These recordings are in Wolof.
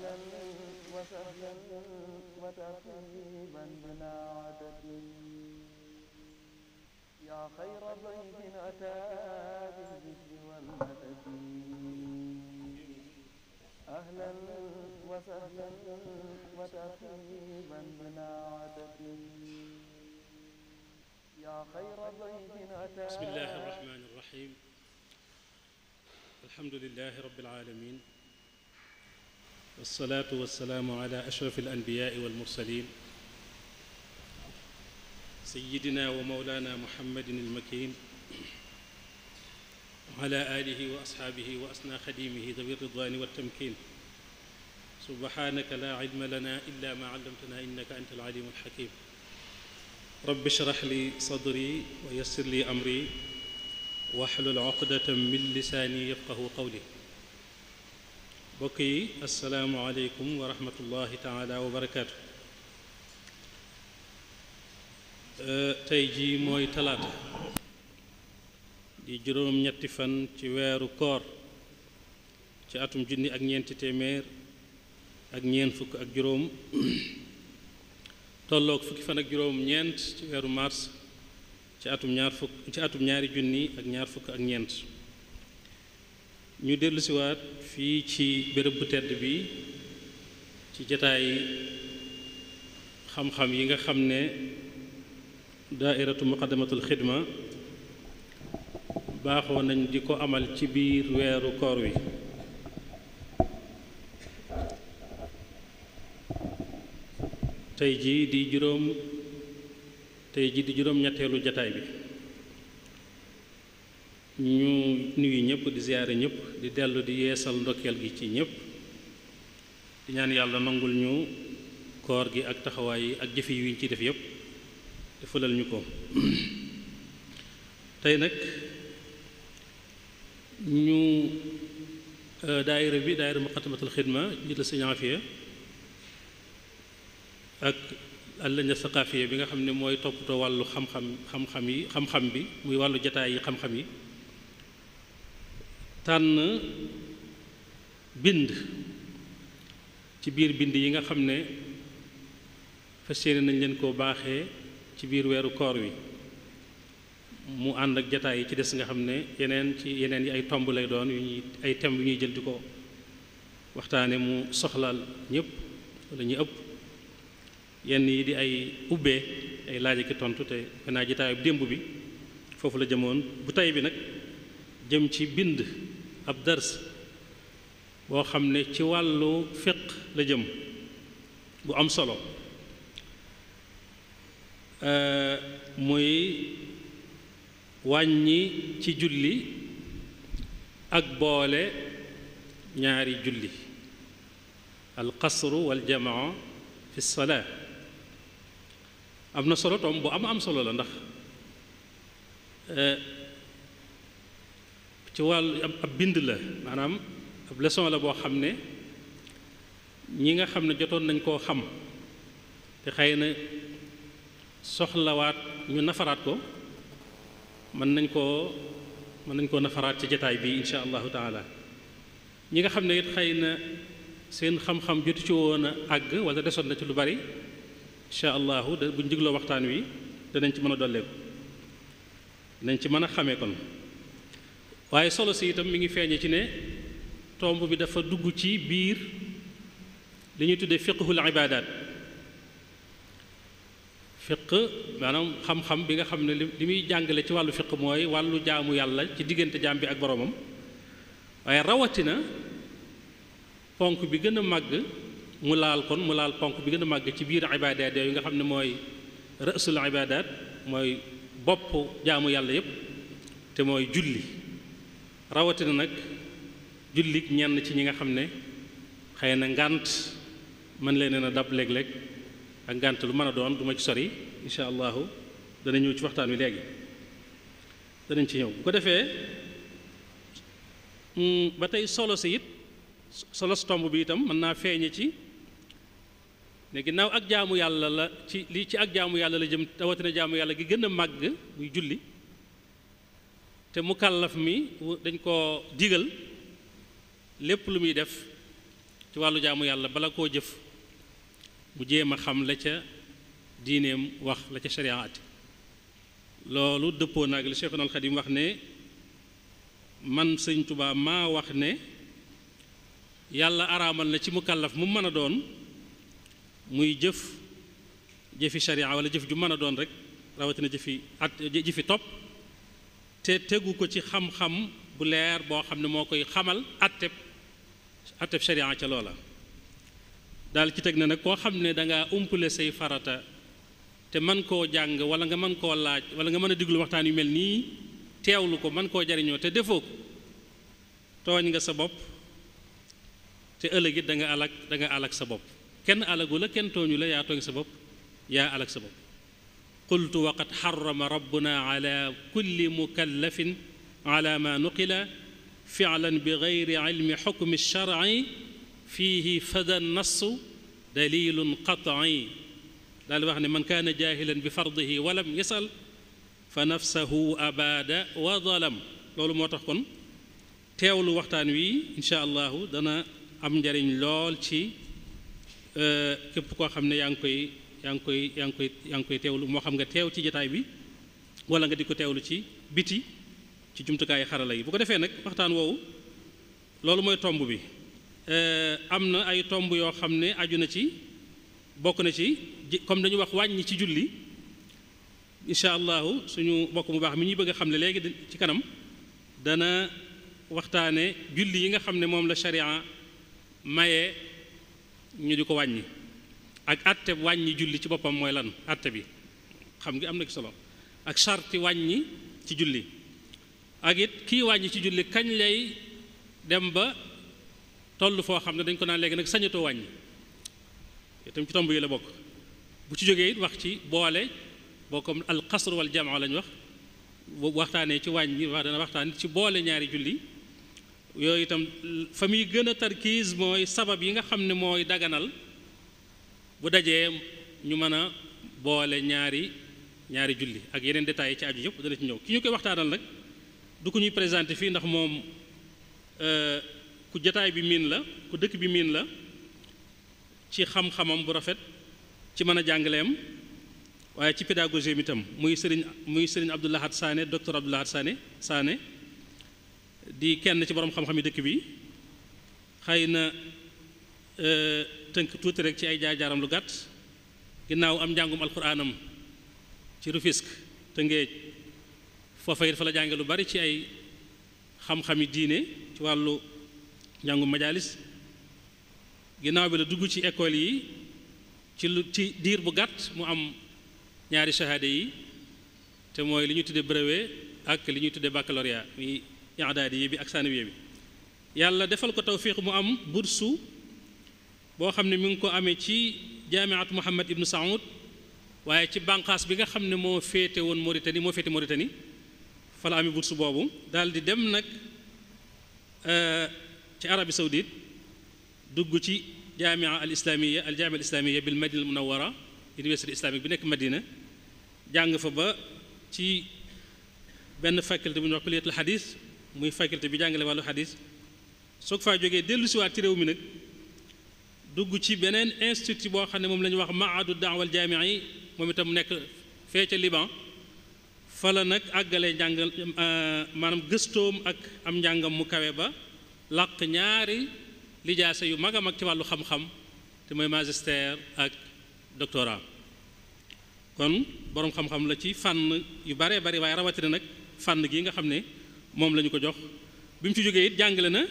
أهلا وسهلا وترحيبا بلا عدد يا خير ضيف أتى بالذكر والمدد أهلا وسهلا وترحيبا بلا عدد يا خير ضيف أتى بسم الله الرحمن الرحيم الحمد لله رب العالمين wasalaatu wasalaamu ala ashraf alanbiyaai walmursalin sayidina wa maulana muhammadin almakin wa ala alihi wa asxaabihi wa asna xadimihi dawi ridwani waltamkin subhanaka la ilma lana illa ma allamtana innaka anta alalim alxakim rabbi ishrax li sadri wa yassir li amri wahlul uqdatan min lisaani yafqahu qawli mbokk yi asalaamualeykum wa rahmatullahi taala wa barakaatu euh, tey jii mooy talaata di juróom-ñetti fan ci weeru koor ci atum junni ak ñeenti téeméer ak ñeent fukk ak juróom tolloog fukki fan ak juróom ñeent ci weeru mars ci atum ñaar fukk ci atum ñaari junni ak ñaar fukk ak ñeent ñu dellusiwaat fii ci béréb bu tedd bi ci jataay xam-xam yi nga xam ne daairatu muqaddamatul xidma baaxoo nañ di ko amal ci biir weeru koor wi tey ji di juróom tey jii di juróom jataay bi ñu nuyu ñëpp di ziyaare ñëpp di dellu di yeesal ndokkeel gi ci ñëpp di yàlla nangul ñu koor gi ak taxawaay yi ak jëfe yi ñu ci def yëpp te fulal ñu ko tey nag ñu euh, daayira bi daayira muqaddamatul xidma jiital sëñ Afiya ak àllëña saqaafiya bi nga xam ne mooy toppatoo wàllu xam-xam xam-xam yi xam-xam bi muy wàllu jataay yi xam-xam yi tànn bind ci biir bind yi nga xam ne fas yéene nañ leen koo baaxee ci biir weeru koor wi mu ànd ak jataay yi ci des nga xam ne yeneen ci yeneen yi ay tomb lay doon yu ñuy ay thèmes yu ñuy jël di ko waxtaane mu soxlaal ñépp wala ëpp yenn yi di ay ubbee ay laaj ak tontu te gannaaw jataayu démb bi foofu la jëmoon bu tay bi nag jëm ci bind ab dars boo xam ne ci wàllu fiq la jëm bu am solo euh, muy wàññi ci julli ak boole ñaari julli al qasru wal jamaa fi am na solo tom bu am am solo la ndax euh, ci wàllu ab bind la maanaam ab leçon la boo xam ne ñi nga xam ne jotoon nañ koo xam te xëy na soxlawaat ñu nafaraat ko mën nañ koo mën nañ koo nafaraat ci jataay bii insha allahu taala ñi nga xam ne it xëy na seen xam-xam jotu ci woon àgg walla desoon na ci lu bari incha allahu da buñ digloo waxtaan wi danañ ci mën a dolleeku danañ ci mën a xamee kon waaye solo si itam mi ngi feeñe ci ne tomb bi dafa dugg ci biir li ñuy tuddee fiqhul ibaadaat fiq maanaam xam-xam bi nga xam ne li muy jàngale ci wàllu fiq mooy wàllu jaamu yàlla ci diggante jaam bi ak boroomam waaye rawatina ponk bi gën a màgg mu laal kon mu laal ponk bi gën a màgg ci biir ibaadaat yooyu nga xam ne mooy rësul ibaadaat mooy bopp jaamu yàlla yépp te mooy julli rawatina nag jullit ñenn ci ñi nga xam ne xëy na ngànt man leen a dab léeg-léeg ak ngànt lu man a doon duma ci sori incha allahu dana ñëw ci waxtaan wi léegi danañ ci ñëw bu ko defee mm, ba tey solo sa it solo si tomb bi itam mën naa feeñe ci ne ginnaaw ak jaamu yàlla la ci lii ci ak jaamu yàlla la jëm rawatina jaamu yàlla gi gën a màgg muy julli te mukallaf mi dañ koo digal lépp lu muy def ci wàllu jaamu yàlla bala koo jëf mu jéem a xam la ca diineem wax la ca sharia ati loolu dëppoo nag li Cheikhul Xadim wax ne man sëñ Tuubaa maa wax ne yàlla araamal na ci mukallaf mu mën a doon muy jëf jëfi sharia wala jëf ju mën a doon rek rawatina jëfi at jëfi topp te tegu ko ci xam-xam bu leer boo xam ne moo koy xamal atteb atteb sharia ca loola daal ci teg na nag koo xam ne danga umpale say farata te mën koo jàng wala nga mën koo laaj wala nga mën a diglu waxtaan yu mel nii teewlu ko man koo jariñoo te defoo ko tooñ nga sa bopp te ëllëgit da nga alak da nga alak sa bopp kenn alagu la kenn tooñu la yaa tooñ sa bopp yaa alak sa bopp qultu waqad xarama rabbuna ala kulli mukallafin ala ma nuqila filan bi geyri ilmi xukmi sharci fiihi fada nassu dalilun qatci daal wax ne man kaana jaahilan bi fardihi walam yasal fa nafsahu abaada wa dalam loolu moo tax kon teewlu waxtaan wi incha allahu dana am njariñ lool ci euh, képp koo xam ne yaa ngi koy yaa ngi koy yaa ngi koy yaa teewlu moo xam nga teew ci jataay bi wala nga di ko teewlu ci biti ci jumtukaayu xarala yi bu ko defee nag waxtaan woowu loolu mooy tomb bi eh, am na ay tomb yoo xam ne aju na ci bokk na ci comme dañu wax wàññi ci julli incha allahu suñu bokk mu baax mi ñuy bëgg xam ne léegi ci kanam dana waxtaane julli yi nga xam ne moom la sharia maye ñu di ko wàññi ak atte wàññi julli ci boppam mooy lan atte bi xam ngi am na ci solo ak sarti wàññi ci julli ak it kii wàññi ci julli kañ lay dem ba toll foo xam ne dañ ko naa léegi nag sañatoo wàññi itam ci tomb yi la bokk bu ci jógee it wax ci boole boo comme al qasr wal jamaa lañ wax waxtaanee ci wàññi wax dana waxtaan ci boole ñaari julli yooyu itam fa muy gën a tarkiis mooy sabab yi nga xam ne mooy daganal bu dajee ñu mën a boole ñaari ñaari julli ak yeneen détails yi ci aju yëpp dana ci ñëw ki ñu koy waxtaanal nag du ko ñuy présenté fii ndax moom euh, ku jataay bi miin la ku dëkk bi miin la ci xam-xamam bu rafet ci mën a jàngaleem waaye ci pédagogie mi itam muy sëriñ muy sëriñ Abdou Lahad Sané docteur Abdou Lahad Sané Sané di kenn ci borom xam-xam yi dëkk bi xay na euh, tënk tuuti rek ci ay jaajaaram lu gàtt ginnaaw am njàngum alxuraanam ci Rufisque Tëngéej foofa it fa la jànge lu bari ci ay xam-xami diine ci wàllu njàngum majalis ginnaaw bi la dugg ci école yi ci lu ci diir bu gàtt mu am ñaari shahada yi te mooy li ñu tudde brevet ak li ñuy tudde baccalauréat mi i'dadi yi bi ak sanawiya bi yàlla defal ko tawfiq mu am bursu boo xam ne mi ngi ko amee ci jaamiat Muhammad ibnu Saoud waaye ci bànqaas bi nga xam ne moo féete woon Mauritanie moo féete Mauritanie fa la amee bourse boobu daal di dem nag euh, ci arabi Saoudite dugg ci jaamia al islaamiya al jaamia al islaamiya bil madina al munawara université islamique bi nekk Madina jàng fa ba ci benn faculté bu ñuy wax kulliyatul xadis muy faculté bi jàngale wàllu xadis soog faa jógee dellu siwaat ci réew mi nag dugg ci beneen institut boo xam ne moom la ñu wax maadu daawal jaamia yi moom itam nekk fee ca Liban fa la nag àggale njàng euh, maanaam gëstoom ak am njàngam mu kawe ba làq ñaari lijaase yu mag a mag ci wàllu xam-xam te mooy magistère ak doctorat kon boroom xam-xam la ci fànn yu bare bari waaye rawatina nag fànn gi nga xam ne moom la ko jox bi mu ci jógee it jàngale na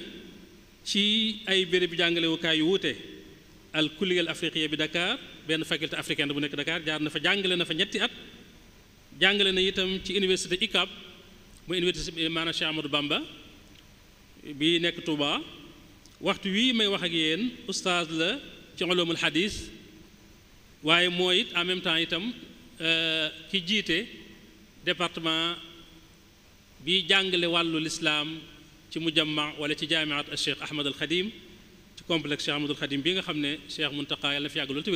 ci ay béréb jàngalewukaay yu wuute al kulliyal afriqiya bi Dakar benn faculté africaine bu nekk Dakar jaar na fa jàngale na fa ñetti at jàngale na itam ci université UCAB mu université eh, maanaam Cheikh Bamba bi nekk tuuba waxtu wii may wax ak yéen oustaz la ci ulumul hadis waaye mooy it en même temps itam euh, ki jiite département bi jàngale wàllu lislaam ci mujamma wala ci jaamiat al Cheikh Ahmad al Khadim ci complexe Cheikh Ahmadoul bi nga xam ne Cheikh Mountakha yàlla fi yàgg loolu te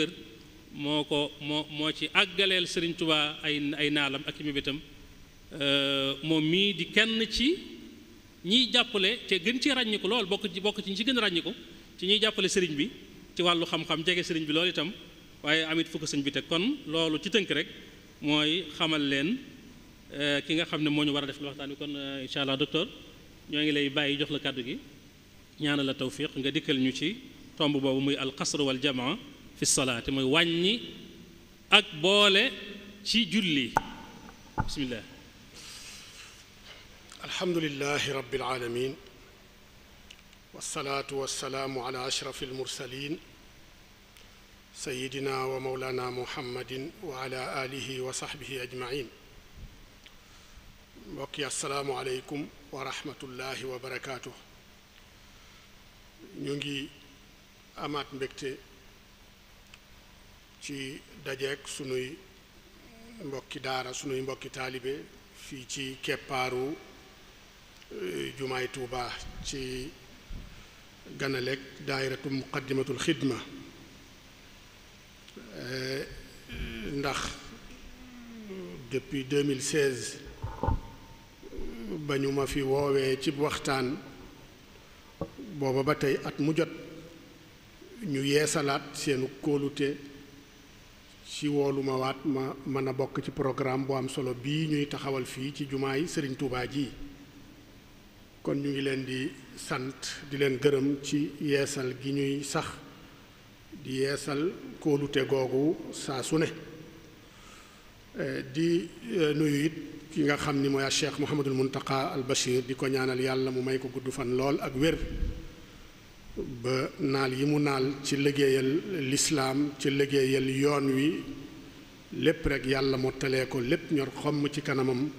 moo ko moo moo ci àggaleel sëriñ tubaa ay ay naalam ak i mébétam euh, moom mii di kenn ci ñiy jàppale te gën ci ràññiku lool bokk ci bokk ci ñi ci gën a ràññiku ci ñiy jàppale Serigne bi ci wàllu xam-xam jege Serigne bi loolu itam waaye amit fukk sëñ bi te kon loolu ci tënk rek mooy xamal leen euh, ki nga xam ne moo ñu war a def lu waxtaan wi kon euh, incha allah docteur ñoo ngi lay bàyyi jox la kàddu gi. ñaana la tawfiq nga dikkal ñu ci tomb boobu muy alqasr wal jamaa fi salaati muy wàññi ak boole ci julli bismillah alhamdulilahi rabbil alamin wasalaatu wasalaamu ala ashraf almursalin sayidina wa mawlana muhammadin wa ala alihi wa saxbihi ajmain mbokk yi asalaamu aleykum wa rahmatullahi wa barakaatuh ñu ngi amaat mbégte ci dajeeg sunuy mbokki daara sunuy mbokki taalibe fii ci keppaaru eh, jumaay Tuuba ci ganaleeg daairatu muqaddimatul xidma eh, ndax depuis 2016 eh, ba ñu ma fi woowee ci waxtaan booba ba tey at mu jot ñu yeesalaat seenu kóolute ci woolu ma waat ma mën a bokk ci programme bu am solo bii ñuy taxawal fii ci jumaa yi Sëriñ Tuubaa ji kon ñu ngi leen di sant di leen gërëm ci yeesal gi ñuy sax di yeesal kóolute googu saa su ne eh, di eh, nuyu it ki nga xam ni mooy Cheikh Mouhamadul Muntaqa al Bachir di ko ñaanal yàlla mu may ko gudd fan lool ak wér ba naal yi mu naal ci liggéeyal lislaam ci liggéeyal yoon wi lépp rek yàlla mottalee ko lépp ñor xomm ci kanamam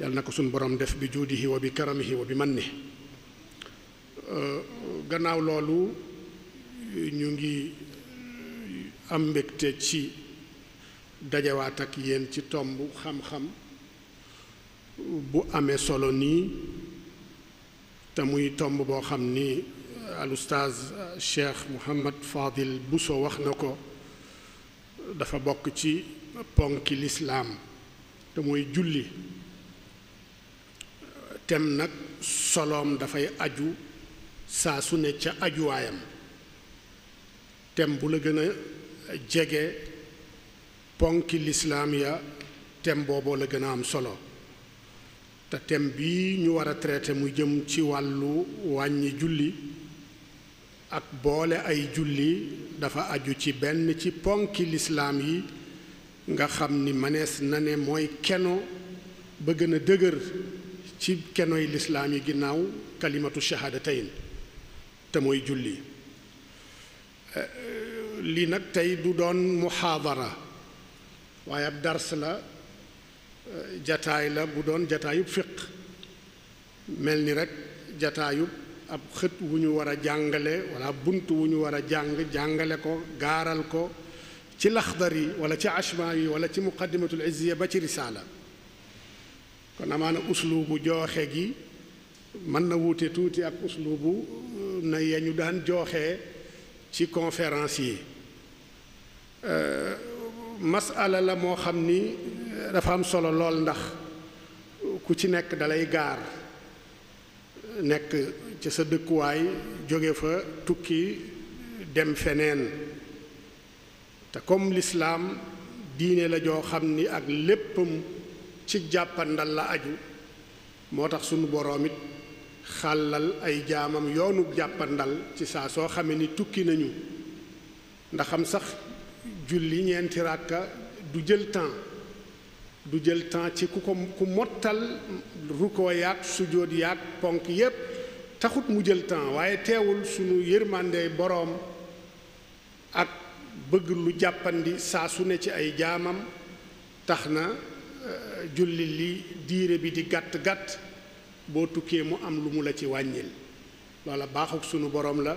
yàlla na ko suñ borom def bi juudihi wa bi karamihi wa bi manni gannaaw loolu ñu ngi am mbégte ci dajawaat ak yéen ci tomb xam-xam bu amee solo nii te muy tomb boo xam nii al oustaz eh, Cheikh Mouhamad Fadil Bousso wax na ko dafa bokk ci ponki lislaam te mooy julli tem nag soloom dafay aju saa su ne ca ajuwaayam tem bu la gën a jege ponki lislaam ya tem booboo la gën a am solo te tem bi ñu war a traité mu jëm ci wàllu wàññi julli ak boole ay julli dafa aju ci benn ci ponki lislaam yi nga xam ni mënees na ne mooy keno ba gën a dëgër ci kenoy lislaam yi ginnaaw kalimatu shahaadatayn te mooy julli eh, eh, lii nag tey du doon muhaadara waaye ab dars la eh, jataay la bu doon jataayub fiq mel ni rekk jataayub ab xët wu ñu war a jàngale wala bunt wu ñu war a jàng jàngale ko gaaral ko ci laxdar yi wala ci ashma yi wala ci muqaddimatul izziya ba ci risaala kon amaana usluubu jooxe gi mën na wuute tuuti ak usluubu euh, na ñu daan jooxe ci conférence yi euh, masala la moo xam ni euh, dafa am solo lool ndax ku ci nekk dalay gaar nekk ci sa dëkkuwaay jóge fa tukki dem feneen te comme lislaam diine la joo xam ni ak léppam ci jàppandal la aju moo tax sunu boroom it xàllal ay jaamam yoonu jàppandal ci saa soo xamee ni tukki nañu ndaxam am sax julli ñeenti ràkka du jël temps du jël temps ci ku ko ku mottal rukkoo yaag sujjóot yaag ponk yépp taxut mu jël temps waaye teewul sunu yërmande boroom ak bëgg lu jàppandi saa su ne ci ay jaamam tax na euh, julli li diire bi di gàtt gàtt boo tukkee mu am lu mu la ci wàññil loola baaxuk sunu boroom la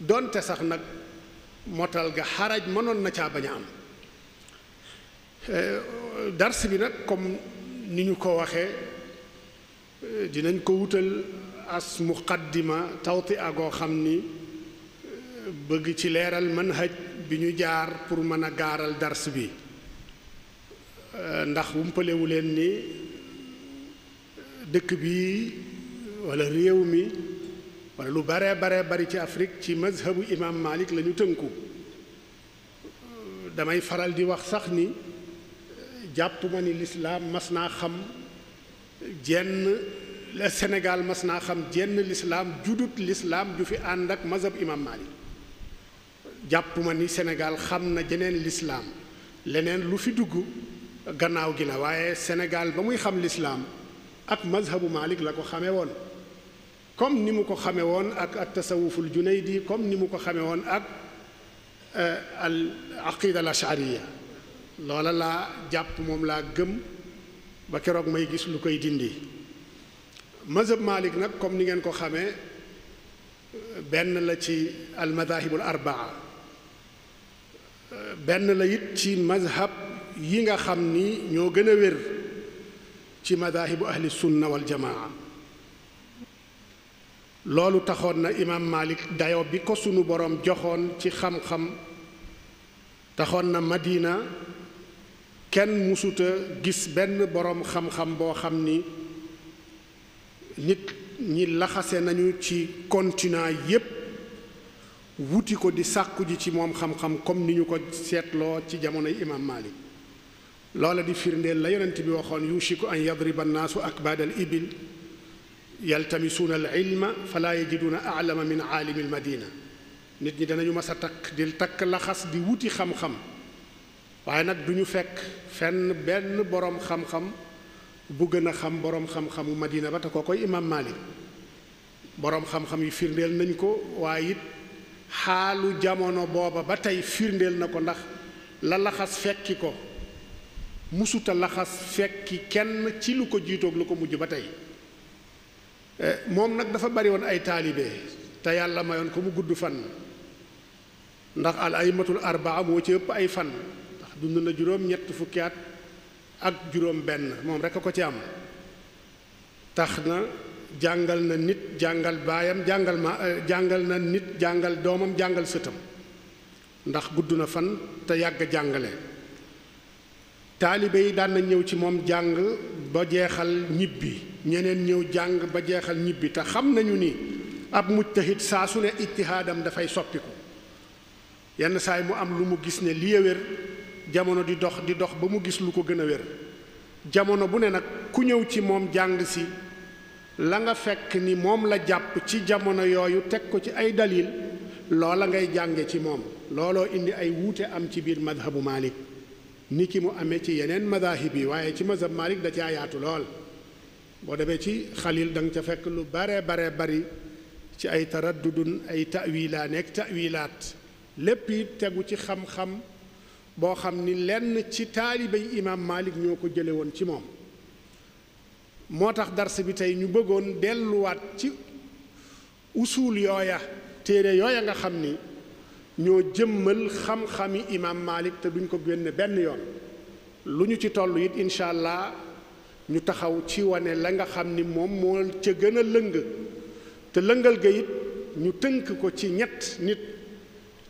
donte sax nag motal ga xaraj mënoon na caa bañ a am euh, dars bi nag comme ni ñu ko waxee euh, dinañ ko wutal as muqaddima tawti agoo xam ni bëgg ci leeral manhaj bi ñu jaar pour mën a gaaral dars bi euh, ndax wumpalewu leen ni dëkk bi walla réew mi walla lu bare bare bari ci Afrique ci mazhabu imaam Malik la tënku euh, damay faral di wax sax ni jàpp ni lislaam mas naa xam jenn la Sénégal mas naa xam jenn lislaam judut lislaam du fi ànd ak mazhab imam Malik jàpp ma ni Sénégal xam na jeneen lislaam leneen lu fi dugg gannaaw gi la waaye Sénégal ba muy xam lislaam ak mazhabu Malik la ko xamee woon comme ni mu ko xamee woon ak ak tasawuful junaydi comme ni mu ko xame woon ak euh, al aqida al loola laa jàpp moom laa gëm ba keroog may gis lu koy dindi mazhab Malik nag comme ni ngeen ko xame benn la ci al arbaa benn la it ci mazhab yi nga xam ni ñoo gën a wér ci madahibu ahli sunna wal jamaa loolu taxoon na imaam Malik dayo bi ko sunu boroom joxoon ci xam-xam taxoon na Madina kenn musuta gis benn boroom xam-xam boo xam ni nit ñi laxase nañu ci continent yépp wuti ko di sàkku ji ci moom xam-xam comme ni ñu ko seetloo ci jamonoy imam Malik loola di firndeel la yonent bi waxoon yushiku an yadriba annaasu akbaadal ibil yaltamisuuna al ilma falaa yajiduuna alama min aalimi al madina nit ñi danañu mas a takk di takk laxas di wuti xam-xam waaye nag du ñu fekk fenn benn boroom xam-xam bu gën a xam boroom xam-xamu madina ba te koo koy imaam Maalik boroom xam-xam yi firndeel nañ ko waaye it xaalu jamono booba ba tey firndeel na ko ndax la laxas fekki ko musuta laxas fekki kenn ci lu ko jiitoog lu ko mujj ba tey eh, moom nag dafa bari woon ay taalibe te yàlla mayoon ko mu gudd fan ndax al aymatul arbaa moo ci ëpp ay fan ndax dund na juróom ñett fukki ak juróom benn moom rekk a ko ci am tax na jàngal na nit jàngal baayam jàngal ma eh, jàngal na nit jàngal doomam jàngal sëtam ndax gudd na fan te yàgg jàngale taalibe yi daan ñëw ci moom jàng ba jeexal ñibbi ñeneen ñëw jàng ba jeexal ñibbi te xam nañu ni ab mujtahid saa su ne ijtihaadam dafay soppiku yenn saay mu am lu mu gis ne lii wér jamono di dox di dox ba mu gis lu ko gën a wér jamono bu ne nag ku ñëw ci moom jàng si la nga fekk ni moom la jàpp ci jamono yooyu teg ko ci ay dalil loola ngay jànge ci moom looloo indi ay wuute am ci biir madhabu Malik ni ki mu amee ci yeneen madahib yi waaye ci madhab Malik da caa yaatu lool boo demee ci xaliil danga ca fekk lu bare bare bari ci ay du taraddudun ay ta'wilaan ak ta'wilaat lépp it tegu ci xam-xam boo xam ni lenn ci taalibay imaam Malik ñoo ko jële woon ci moom moo tax dars bi tey ñu bëggoon delluwaat ci usul yooya téere yooya nga xam ni ñoo jëmmal xam-xami imaam Malik te duñ ko génne benn yoon lu ñu ci toll it incha allah ñu taxaw ci wane la nga xam ni moom moo ca gën a lëng te lëngal ga ñu tënk ko ci ñett nit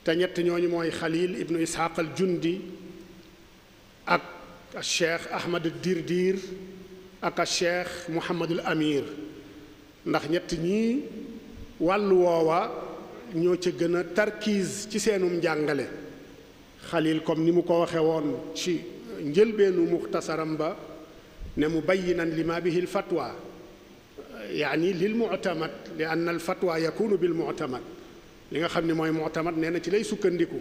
te ñett ñooñu mooy xalil ibnu isxaq al jundi ak cheikh ahmad dirdir ak cheikh muhammadul amir ndax ñett ñii wàllu woowa ñoo ca gën a tarkiis ci seenu njàngale xalil comme ni mu ko waxe woon ci njëlbeenu muxtasaram ba ne mu bayinan lima bihi al fatwa yaani lil mu'tamad li anna al fatwa yakunu bil mu'tamad li nga xam ne mooy mu'tamad nee na ci lay sukkandiku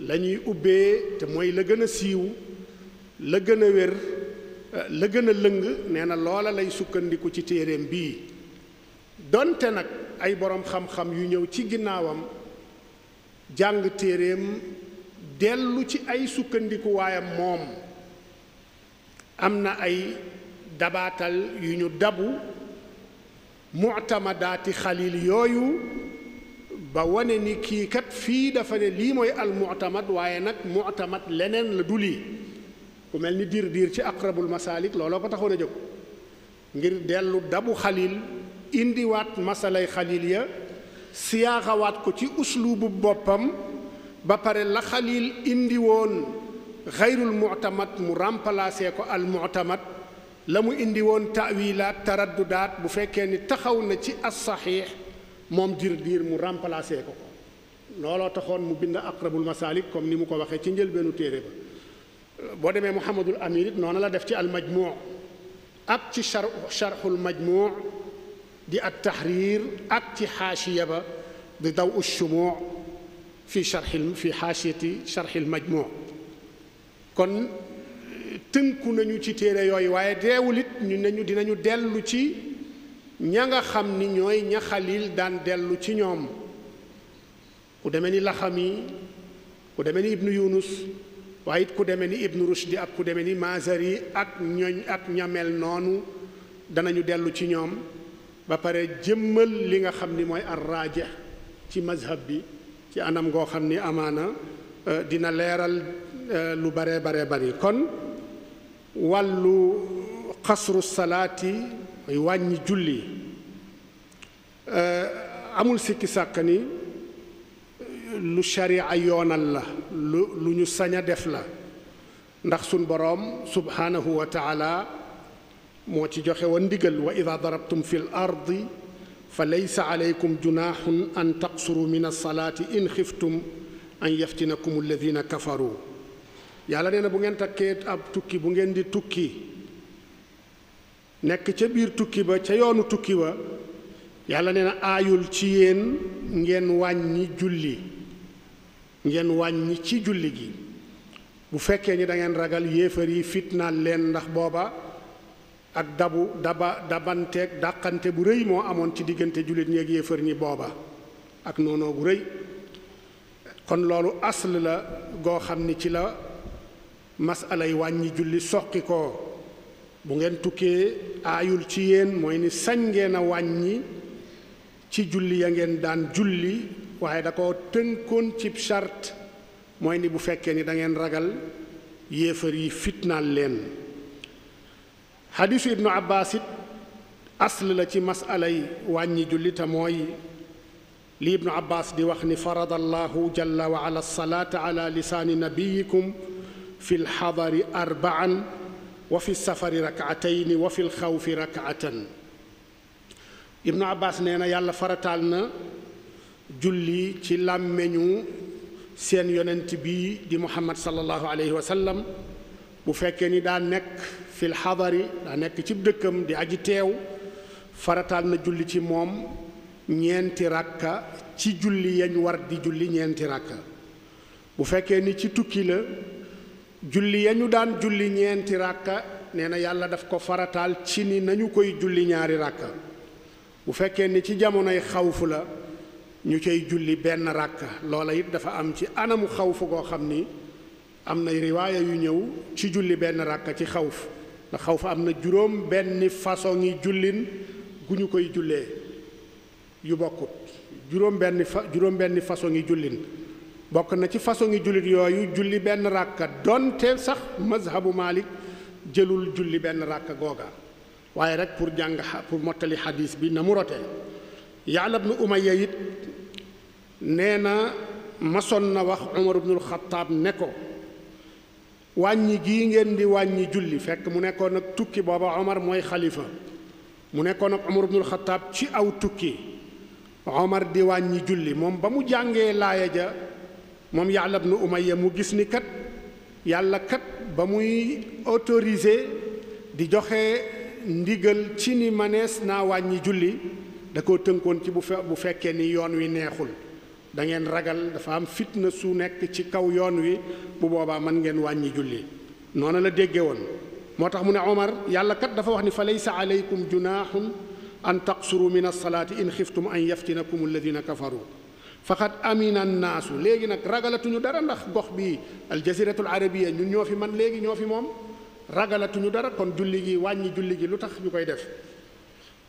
lañuy ñuy ubbee te mooy la gën a siiw la gën a wér euh, la gën a lëng nee na loola lay sukkandiku ci téereem bii donte nag ay boroom xam-xam yu ñëw ci ginnaawam jàng téereem dellu ci ay sukkandikuwaayam waayam moom am na ay dabaatal yu ñu dabu mu'tamadaati xalil yooyu ba wane ni kii kat fii dafa ne lii mooy al waaye nag mu'tamad leneen la du lii ku mel ni diir diir ci aqrabul masaalik looloo ko taxoon a jóg ngir dellu dabu xalil indiwaat masalay xalil ya siyaaxawaat ko ci uslubu boppam ba pare la xalil indi woon xayrul mu'tamad mu remplacer ko al la mu indi woon taawilaat taraddudaat bu fekkee ni taxaw na ci as moom dir diir mu remplacé ko looloo taxoon mu bind aqrabul masalik comme ni mu ko waxee ci njëlbeenu téere ba boo demee muhammadul amir it noonu la def ci al majmuu ak ci char charxul majmuu di at tahrir ak ci xaashiya ba di daw u shumuu fi charxil fi xaashiyati charxil majmuu kon tënku nañu ci téere yooyu waaye deewulit ñu nañu dinañu dellu ci ña nga xam ni ñooy ña daan dellu ci ñoom ku demee ni laxami ku demee ni ibnu yunus waaye ku demee ni ibnu rushdi ak ku demee ni mazari ak ñoñ ak ñameel noonu danañu dellu ci ñoom ba pare jëmmal li nga xam ni mooy ar ci mazhab bi ci anam ngoo xam ni amaana euh, dina leeral euh, lu bare bare bari kon wàllu xasru salaati muy wàññi julli eh, amul sikki sàkk ni lu sharia yoonal la lu lu ñu sañ a def la ndax suñ boroom subhaanahu wa taala moo ci joxe woon ndigal wa ida darabtum fi l ardi fa laysa aleykum junaaxun an taqsuru min alsalaati in xiftum an yaftinakum alladina kafaru yàlla nee na bu ngeen takkee ab tukki bu ngeen di tukki nekk ca biir tukki ba ca yoonu tukki ba yàlla nee na aayul ci yéen ngeen wàññi julli ngeen wàññi ci julli gi bu fekkee ni dangeen ragal yéefar yi fitnaal leen ndax booba ak dabu daba dabanteeg dàqante bu rëy moo amoon ci diggante jullit ñeeg yéefar ñi booba ak noonoo rëy kon loolu asl la goo xam ni ci la masalay wàññi julli soqi ko bu ngeen tukkee aayul ci yéen mooy ni sañ ngeen a wàññi ci julli ya ngeen daan julli waaye da ko tënkoon cib chart mooy ni bu fekkee ni dangeen ragal yéefar yi fitnaal leen xadiisu ibnu abbaas it asl la ci masalay wàññi julli te mooy li ibnu abbaas di wax ni farada allahu jalla wa ala salaata ala lisaani nabiyikum fi lxadari arbaan wa fi safari rakaatayni wa fil xawfi rakaatan ibnu abbas nee na yàlla farataal na julli ci làmmeñu seen yonent bi di muhammad sallallahu alayhi wa sallam bu fekkee ni daa nekk fil xadari daa nekk cib dëkkam di aji teew farataal na julli ci moom ñeenti ràkka ci julli yañ war di julli ñeenti ràkka bu fekkee ni ci tukki la julli ya ñu daan julli ñeenti ràkka nee na yàlla daf ko farataal ci ni nañu koy julli ñaari ràkka bu fekkee ni ci jamonoy xawfu la ñu cay julli benn ràkka loola it dafa am ci anamu xawfu goo xam ni am na riwaaya yu ñëw ci julli benn ràkka ci xawf ndax xawf am na juróom benn façon yi jullin gu ñu koy jullee yu bokkut juróom benn fa façon yi jullin bokk na ci façon ngi jullit yooyu julli benn ràkka donte sax mazhabu Malik jëlul julli benn ràkka googa waaye rek pour jàng pour mottali xadiis bi na mu rotee Ya'la ibn Umayya it nee na mason na wax Umar ibnul Xattaab ne ko wàññi gi ngeen di wàññi julli fekk mu nekkoon ak tukki booba Omar mooy xalifa mu nekkoon ak Omar ibnul Xattaab ci aw tukki Omar di wàññi julli moom ba mu jàngee laaya ja moom yàlla Ya'la ibn Umayya mu gis ni kat yàlla kat ba muy autorisé di joxe ndigal ci ni manees naa wàññi julli da koo tënkoon ci bu bu fekkee ni yoon wi neexul da ngeen ragal dafa am fitna su nekk ci kaw yoon wi bu boobaa man ngeen wàññi julli noonu la dégge woon moo tax mu ne Omar yàlla kat dafa wax ni fa laysa aleykum junaaxun an taqsuru min alsalaati in xiftum an yaftinakum alladina kafaru faqat amina naasu léegi nag ragalatuñu dara ndax gox bi aljaziratul arabiya ñun ñoo fi man léegi ñoo fi moom ragalatuñu dara kon julli gi wàññi julli gi lu tax ñu koy def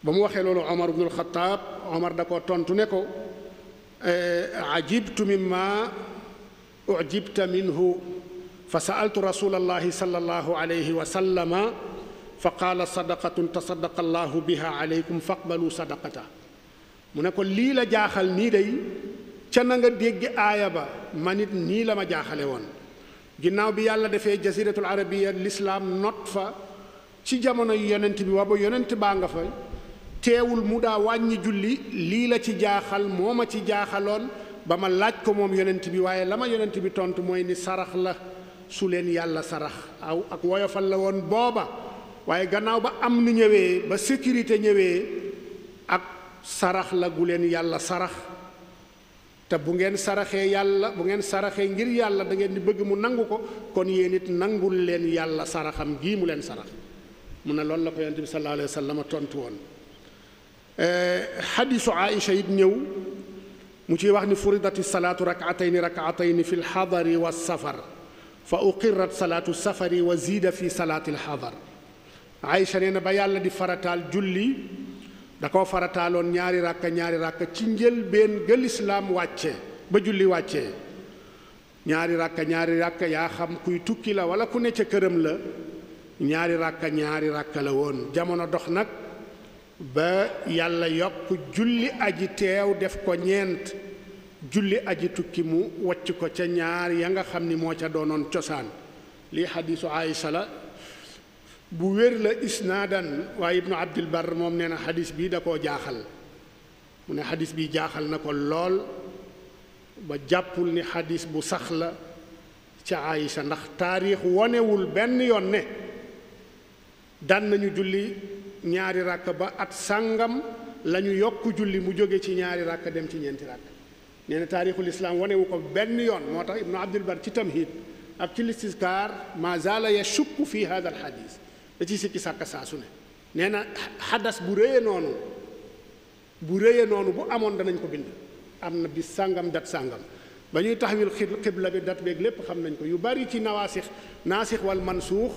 ba mu waxee loolu omar ibnul xataab omar da ko tontu ne ko eh, ajibtu mimma ujibta minhu fa saaltu rasulallahi sallallahu alayhi wa sallama fa qaala sadaqatun tasaddaqa allahu biha alaykum faqbalu sadaqata mu ne ko lii la jaaxal nii day ca na dégg aaya ba man it nii la ma jaaxale woon ginnaaw bi yàlla defee jasiratul arabiya lislaam not fa ci jamono yonent bi waba yonent baa nga fa teewul mu daa wàññi julli lii la ci jaaxal moo ma ci jaaxaloon ba ma laaj ko moom yonent bi waaye la ma yonent bi tontu mooy ni sarax la su leen yàlla sarax ak woyofal la woon booba waaye gannaaw ba am nu ñëwee ba sécurité ñëwee ak sarax la gu leen yàlla sarax te bu ngeen saraxee yàlla bu ngeen saraxee ngir yàlla da ngeen di bëgg mu nangu ko kon yéen it nangul leen yàlla saraxam gii mu leen sarax mu ne loolu la ko yonent bi sallallahu alayhi wa tontu woon eh, xadisu Aïcha it ñëw mu ciy wax ni furidati salaatu rakaatayni rakaatayni fi lxadari wa safar fa uqirat salaatu safari wa ziida fi salaati lxadar Aïcha nee na ba yàlla di farataal julli da koo farataaloon ñaari ràkka ñaari ràkka ci njëlbeen ga lislaam wàcce ba julli wàcce ñaari ràkka ñaari ràkka yaa xam kuy tukki la wala ku ne ca këram la ñaari ràkka ñaari la woon jamono dox nag ba yàlla yokk julli aji teew def ko ñeent julli aji tukki mu wàcc ko ca ñaar ya nga xam ni moo ca doonoon cosaan lii xadiisu Aïcha la bu wér la isnaadan waaye ibnu abdul moom nee na xadis bi da koo jaaxal mu ne xadis bi jaaxal na ko lool ba jàppul ni xadis bu sax la ca Aysa ndax taarix wonewul benn yoon ne daan nañu julli ñaari ràkk ba at sàngam la yokk julli mu jóge ci ñaari ràkk dem ci ñeenti ràkk nee na islaam wonewu ko benn yoon moo tax ibnu abdul bar ci tamhid ak ci listiskaar ma zaala yashukku fi hada al da ci sikki sàkk saa su ne nee na xadas bu rëyee noonu bu rëyee noonu bu amoon danañ ko bind am na bis sàngam dat sàngam ba ñuy tax taxawil xibla bi dat beeg lépp xam nañ ko yu bari ci nawaasix naasix wal mansuux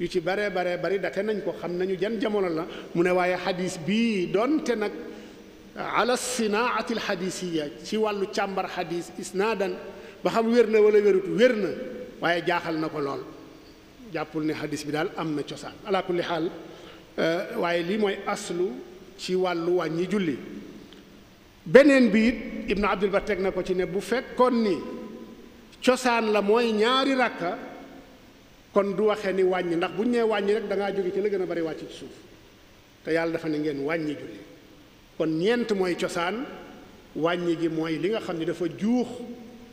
yu ci baree baree bari date nañ ko xam nañu jan jamono la mu ne waaye xadis bii donte nag ala sinaati alxadisiya ci wàllu càmbar xadis isnaadan ba xam wér na wala wérut wér na waaye jaaxal na ko lool jàppul ne xadis bi daal am na cosaan ala kulli xaal euh, waaye lii mooy aslu ci wàllu wàññi julli beneen biit it ibnu abdul teg na ko ci ne bu fekkoon ni cosaan la mooy ñaari ràkka kon du waxee ni wàññi ndax bu ñu nee wàññi rek da ngaa jóge ci la gën a bari wàcc ci suuf te yàlla dafa ne ngeen wàññi julli kon ñeent mooy cosaan wàññi gi mooy li nga xam ne dafa juux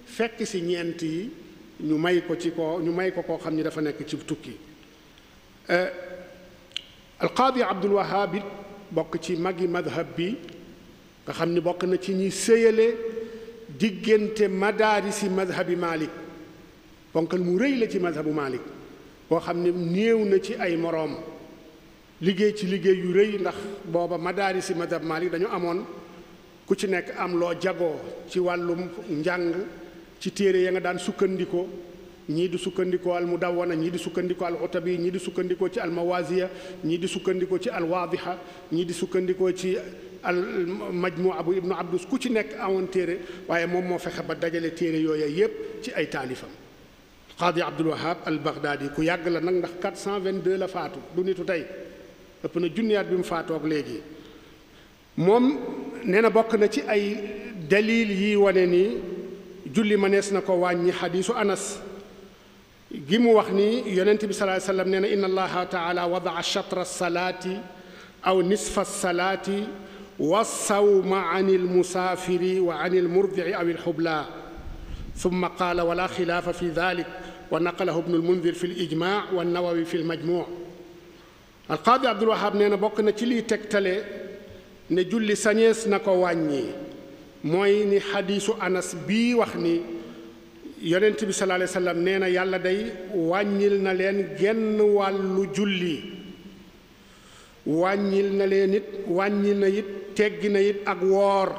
fekk si ñeent yi ñu may ko ci ko ñu may ko koo xam ni dafa nekk ci tukki euh, alqaadi abdul wahaab bokk ci magi madhab bi nga xam ni bokk na ci ñi séyale diggante madaarisi madhabi malik bonkal mu rëy la ci madhabu malik boo xam ne néew na ci ay moroom liggéey ci liggéey yu rëy ndax booba madaarisi madhab malik dañu amoon ku ci nekk am loo jagoo ci wàllum njàng ci téere ya nga daan sukkandikoo ñii di sukkandikoo al mudawana ñii di sukkandikoo al otabi ñii di sukkandikoo ci al mawaziya ñii di sukkandikoo ci al waadiha ñii di sukkandikoo ci al majmua bu ibnu abdus ku ci nekk awoon téere waaye moom moo fexe ba dajale téere yooya yépp ci ay taalifam qaadi abdul wahab al baghdadi ku yàgg la nag ndax 422 la faatu du nitu tey ëpp na junniyaat bi mu faatoog léegi moom nee na bokk na ci ay dalil yi wane nii julli mënees na ko wàññi xadiisu anas gi mu wax ni yonent bi sallallahu alayhi wa sallam nee na inna allaha taala wadaa chatra salaati aw nisfa salaati wa sawma an almusaafiri wa an almurdici aw alxubla summa qaala wala xilaafa fi dalik wa naqalahu bnu almundir fi alijmaa wa annawawi fi almajmuc alqaadi abdulwahaab nee na bokk na ci liy tegtale ne julli sañees na ko wàññi mooy ni xadiisu anas bii wax ni yonent bi sallallahu alayhi wasallam nee na yàlla day wàññil na leen genn wàllu julli wàññil na leen it wàññil na it teggi na it ak woor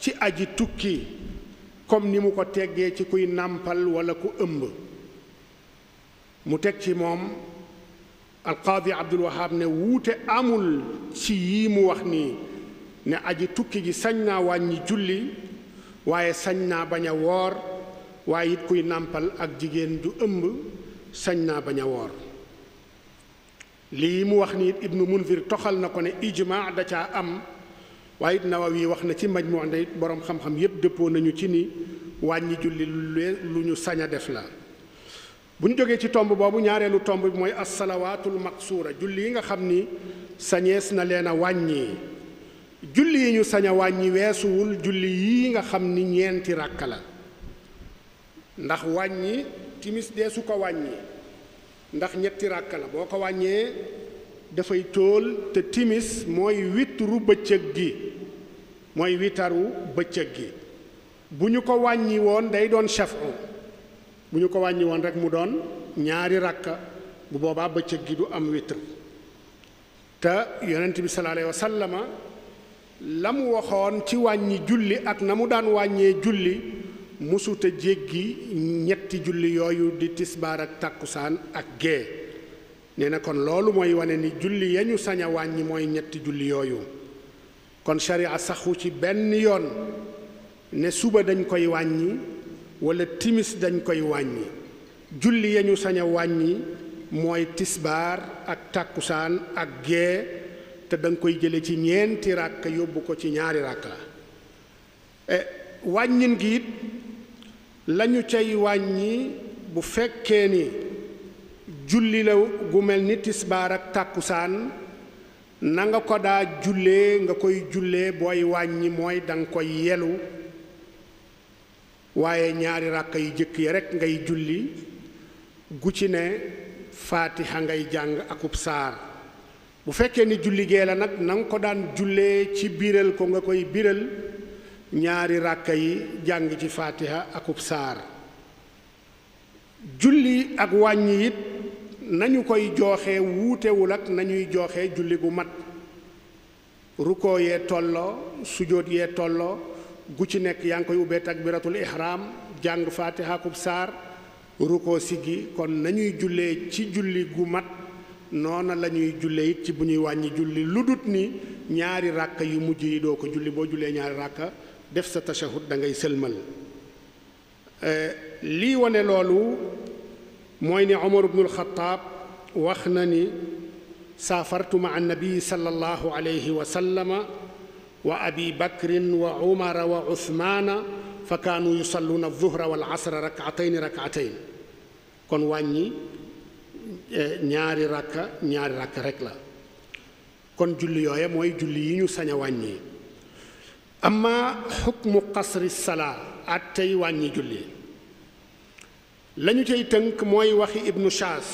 ci aji tukki comme ni mu ko teggee ci kuy nàmpal walla ku ëmb mu teg ci moom alqaadi abdul wahab ne wuute amul ci yii mu wax nii ne aji tukki ji sañ naa wàññi julli waaye sañ naa bañ a woor waaye it kuy nàmpal ak jigéen ju ëmb sañ naa bañ a woor lii mu wax ni it ibnu munzir toxal na ko ne ijma da caa am waaye it nawawi wax na ci majmu ne it boroom xam-xam yépp dëppoo nañu ci ni wàññi julli lu ñu sañ a def la bu ñu jógee ci tomb boobu ñaareelu tomb bi mooy assalawaatul maqsuura julli yi nga xam ni sañees na leen a wàññi julli yi ñu saña wàññi weesuwul julli yi nga xam ni ñeenti ràkk la ndax wàññi timis dee su ko wàññi ndax ñetti ràkk la boo ko wàññee dafay tóol te timis mooy witru bëccëg gi mooy witaru bëccëg gi bu ñu ko wàññi woon day doon chafa bu ñu ko wàññi woon rek mu doon ñaari ràkka bu boobaa bëccëg gi du am witr te yonent bi sallallahu alayhi la mu waxoon ci wàññi julli ak na mu daan wàññee julli musuta jéggi ñetti julli yooyu di tisbaar ak tàkkusaan ak gee nee na kon loolu mooy wane ni julli ya saña sañ wàññi mooy ñetti julli yooyu kon sharia saxu ci benn yoon ne suba dañ koy wàññi walla timis dañ koy wàññi julli yañu ñu sañ wàññi mooy tisbaar ak tàkkusaan ak gee te danga koy jële ci ñeenti ràkk yóbbu ko ci ñaari ràkk la eh, wàññin gi lañu cay wàññi bu fekkee ni julli la gu mel ni tisbaar ak tàkkusaan na nga ko daa jullee nga koy jullee booy wàññi mooy da koy yelu waaye ñaari ràkk yu jëkk yi rekk ngay julli gu ci ne faatiha ngay jàng akub saar bu fekkee ni julli gee la nag nanga ko daan jullee ci biiral ko nga koy biral ñaari ràkka yi jàng ci faatiha akub saar julli ak wàññi it nañu koy jooxee wuutewul ak nañuy jooxee julli gu mat rukkoo yee tolloo sujjóot yee tolloo gu ci nekk yaa ngi koy ubbee takbiratul ihram jàng faatiha akub saar rukkoo siggi kon nañuy jullee ci julli gu mat noona la ñuy julle it ci bu ñuy wàññi julli lu dut ni ñaari ràkk yu mujj yi doo ko julli boo jullee ñaari ràkka def sa tashahud da ngay sëlmal euh, lii wane loolu mooy ne Omar ibnul Xataab wax na ni saafartu ma annabi sallallahu alayhi wa sallama wa abi bakrin wa umara wa usmaana fa kaanu yusalluuna alzuhra wal asra rakatayn rakatayn kon wàññi E, ñaari ràkka ñaari ràkka rek la kon julli yooya mooy julli yi ñu sañ a wàññi amma xukmu qasri salaa at tey wàññi julli lañu cay tënk mooy waxi ibnu shaas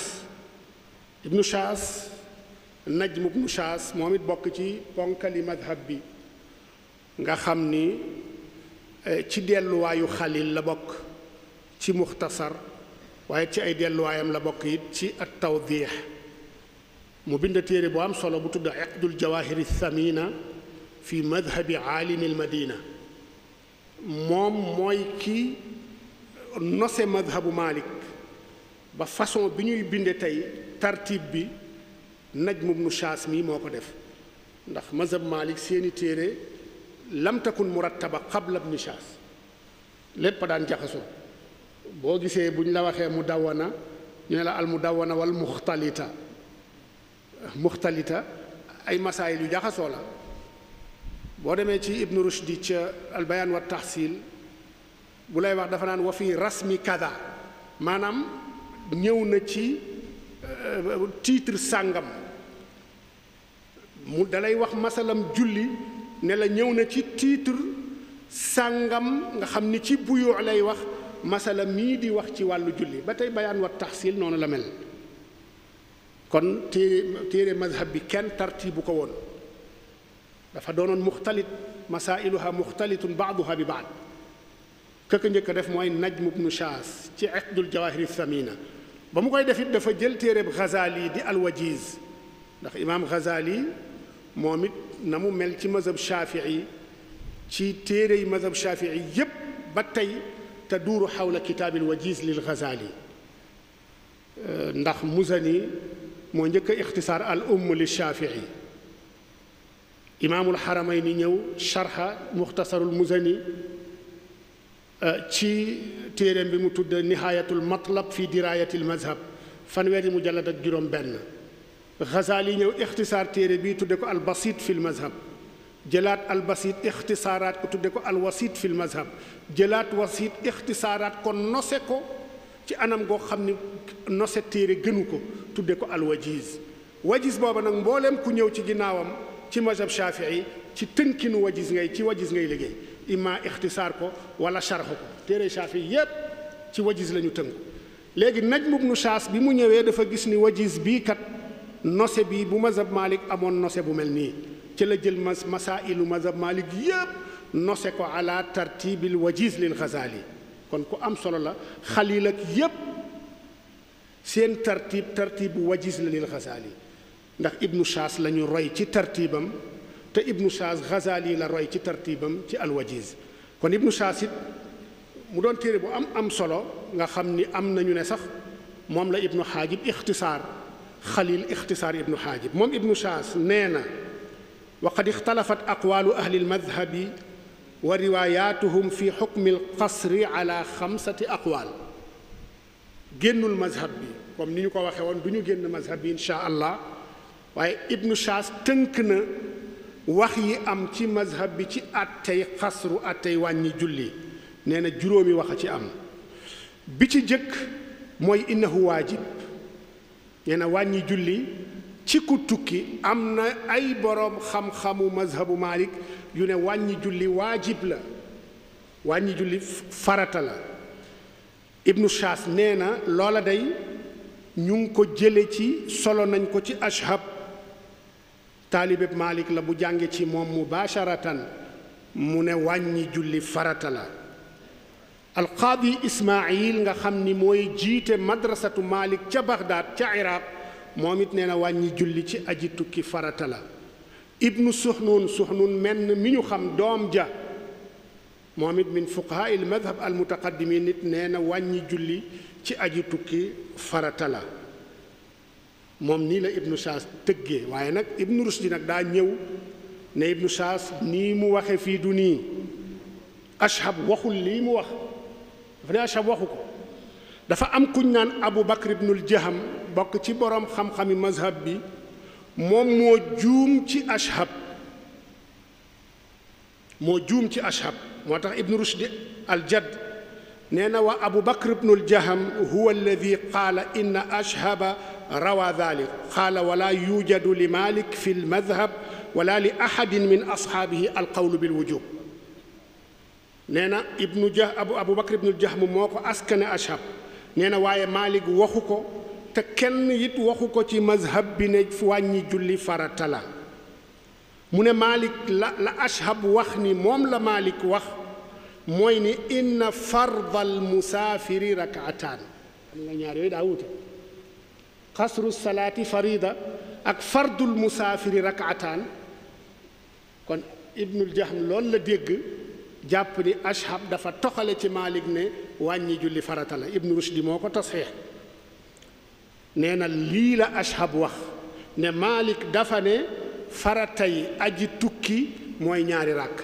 ibnu shaas najmu ibnu shaas moom it bokk ci ponkali madhab bi nga xam ni e, ci delluwaayu xalil la bokk ci muxtasar waaye ci ay delluwaayam la bokk yit ci at tawdiix mu bind téere bu am solo bu tudd iqdul jawaahiri thamina fi madhabi aalimi almadina moom mooy ki nose madhabu Malik ba façon bi ñuy binde tey tartib bi Najm ibnu Shaas mi moo ko def ndax mazhab Malik seeni téere lam takun murattaba qabla ibnu Shaas lépp daan jaxasoo boo gisee bu ñu la waxee mu dawwana ñu ne la al mu dawwana wal muxtalita muxtalita ay masaayil yu jaxasoo la boo demee ci ibnu rushdi ca al wa tahsil bu lay wax dafa naan wa fi rasmi kada maanaam ñëw na ci euh, titre sàngam mu dalay wax masalam julli ne la ñëw na ci titre sàngam nga xam ni ci buyoo lay wax masala mii di wax ci wàllu julli ba tey bayaan wa taxsil noonu la mel kon téere téere mazhab bi kenn tartiibu ko woon dafa doonoon muxtalit masailuha muxtalitun baaduha bi njëkk a def mooy najm ci iqdul jawahiri ba mu koy def defit dafa jël téere bu Ghazali di alwajiz ndax imaam Ghazali moom it na mu mel ci mazhab shafii ci téere yi mazhab shafii yépp ba tey تدور حول كتاب الوجيز للغزالي ndax Muzani moo njëkk a ixtisaar al umm li Shafii imaamul xaramayni ñëw sharxa muxtasarul Muzani euh, ci téere bi mu tudd nihaayatul matlab fi diraayatil mazhab fanweeri mujallad ak juróom benn Ghazali ñëw ixtisaar téere bi tudde ko al basit fil mazhab jëlaat albasit ixtisaaraat ko tudde ko alwasit fil mazhab jëlaat wasit ixtisaaraat ko nose ko ci anam goo xam ni nose téere gënu ko tudde ko alwajiz wajiz booba nag mbooleem ku ñëw ci ginnaawam ci mazhab shafii ci tënkinu wajiz ngay ci wajiz ngay liggéey imma ixtisaar ko wala sharx ko téere shafii yépp ci wajiz lañu ñu tënku léegi najm ibnu shaas bi mu ñëwee dafa gis ni wajiz bii kat nose bii bu mazhab malik amoon nose bu mel nii ci la jël mas masailu mazhab malik yëpp nose ko ala tartibil wajiz lil Ghazali kon ku am solo la xalil ak yëpp seen tartib tartib wajiz la lil Ghazali ndax ibnu Shaas la ñu roy ci tartibam te ibnu Shaas Ghazali la roy ci tartibam ci alwajiz kon ibnu Shaas it mu doon téere bu am am solo nga xam ni am nañu ne sax moom la ibnu Xaajib ixtisaar xalil ixtisaar ibnu Xaajib moom ibnu Shaas nee na waqad ixtalafat aqwaalu ahli lmadhabi wa riwaayaatuhum fi xukmi alqasri ala xamsati aqwaal génnul mazhab bi comme ni ñu ko waxee woon du ñu génn mazhab bi insha allah waaye ibnu Shaas tënk na wax yi am ci mazhab bi ci àttey xasru àttey wàññi julli nee na juróomi wax ci am bi ci jëkk mooy innahu waajib nee wàññi julli ci ku tukki am na ay boroom xam-xamu mazhabu Malik yu ne wàññi julli waajib la wàññi julli farata la ibnu Shaas nee na loola day ñu ngi ko jële ci solo nañ ko ci ashab taalibeb Malik la bu jànge ci moom mubasharatan mu ne wàññi julli farata la alqaadi Ismaayil nga xam ni mooy jiite madrasatu Malik ca Baghdad ca Iraq moom it nee na wàññi julli ci aji tukki farata la ibnu suxnuun suxnuun menn mi ñu xam doom ja moom it min fuqahaa il madhab al mutaqaddimin it nee na wàññi julli ci aji tukki farata la moom nii la ibnu Saas tëggee waaye nag ibnu Rushdi nag daa ñëw ne ibnu Saas nii mu waxe fii du nii ashab waxul lii mu wax dafa ne ashab waxu ko dafa am kuñ naan abu bakr ibnul jaham bokk ci boroom xam-xami mazhab bi moom moo juum ci ashab moo juum ci ashab moo tax ibnu rushdi aljadd nee na wa abu bakr ibnu aljaham huwa alladi qaala inna rawa dalik qaala wala yujadu li malik fi lmadhab wala li ahadin min ashaabihi alqawlu bilwujub nee na ibnu jah abu bakr ibnu aljaham moo ko askane ashab nee waaye malik waxu ko te kenn it waxu ko ci mazhab bi ne wàññi julli farata mu ne Malik la ashhab wax ni moom la Malik wax mooy ni inna fardal musaafiri rakaataan xam nga ñaar yooyu daa wute xasru salaati farida ak fardul musaafiri rakaataan kon ibnul jahm lool la dégg jàpp ni ashhab dafa toxale ci Malik ne wàññi julli faratala la ibnu rushdi moo ko tasxiix neena na lii la ashab wax ne Malik dafa ne faratay aji tukki mooy ñaari ràkk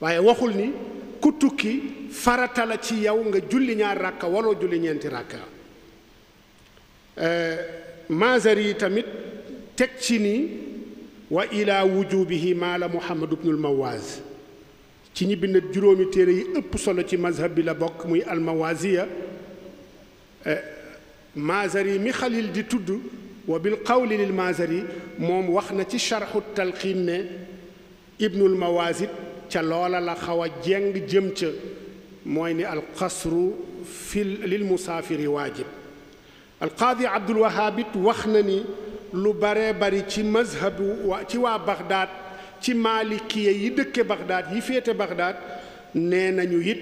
waaye waxul ni ku tukki farata la ci yow nga julli ñaari ràkk waloo julli ñeenti ràkka euh, yi tamit teg ci ni wa ila wujubihi maala Muhammad ibnul Mawaz ci ñi bind juróomi téere yi ëpp solo ci mazhab bi la bokk muy almawaziya euh, mazari mi xalil di tudd wa bil qawli lil maazari moom wax na ci charxu talxiin ne ibnul mawaasid ca loola la xaw jeng jëm ca mooy ni alxasru fi lil musaafiri waajib alqaadi abdul wahaab it wax na ni lu baree bari ci mazhabu ci waa baxdaad ci maalikiye yi dëkke baxdaad yi féete baxdaad ne nañu it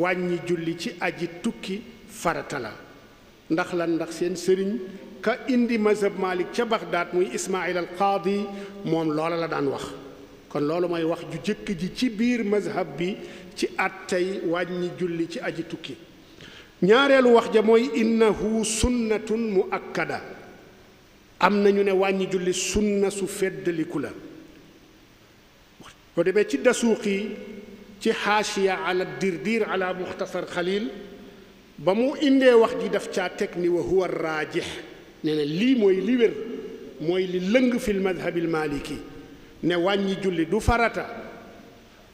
wàññi julli ci aji tukki farata la ndax lan ndax seen sëriñ ka indi mazhab Malik ca Baghdad muy Ismail al Qaadi moom loola la daan wax kon loolu mooy wax ju jëkk ji ci biir mazhab bi ci at tey wàññi julli ci aji tukki ñaareelu wax ja mooy innahu sunnatun muakkada am nañu ne wàññi julli sunna su feddaliku la boo demee ci dasuuqi ci xaashiya ala dirdir ala muxtasar xalil ba mu indee wax ji daf ca teg ni wa huwa raajix nee lii mooy li wér mooy li lëng fil madhabil ne wàññi julli du farata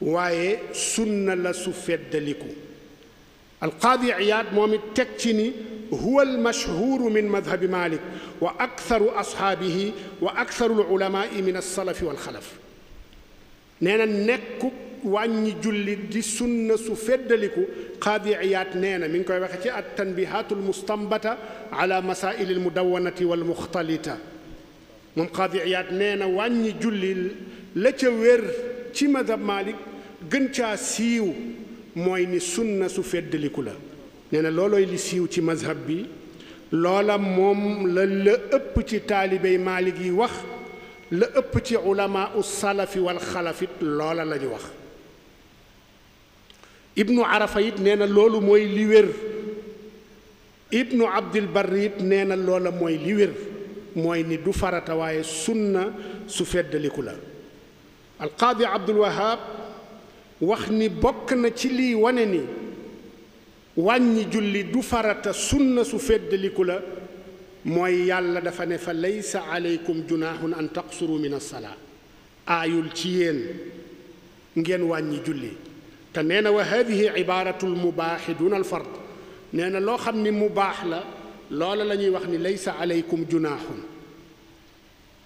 waaye sunna la su feddaliku alqaadi iyaad moom it teg ci ni huwa almashhuuru min madhabi malik wa aktharu ashaabihi wa aktharu alulamaai min alsalafi walxalaf nee na nekkub wàññi jullit di sunna su feddaliku qaadi iyaat nee na mi ngi koy waxe ci at tanbihaatu lmustambata ala masaili almudawanati walmuxtalita moom qaadi iyaat nee na wàññi julli la ca wér ci madhab malik gën ca siiw mooy ni sunna su feddaliku la nee na loolooy li siiw ci mazhab bi loola moom la la ëpp ci taalibey maalik yi wax la ëpp ci ulamaa u salafi wal xalafit loola la wax ibnu arafa it nee na loolu mooy li wér ibnu abdil barri it nee na loola mooy li wér mooy ni du farata waaye sunna su feddaliku la alqaadi abdul wahab wax ni bokk na ci lii wane ni wàññi julli du farata sunna su feddaliku la mooy yàlla dafa ne fa laysa aleykum junaahun an taqsuru min alsalaa aayul ci yéen ngeen wàññi julli te nee na wa hadihi ibaaratul mubaaxi duna al fard nee na loo xam ni mu baax la loola la ñuy wax ni laysa aleykum junaaxun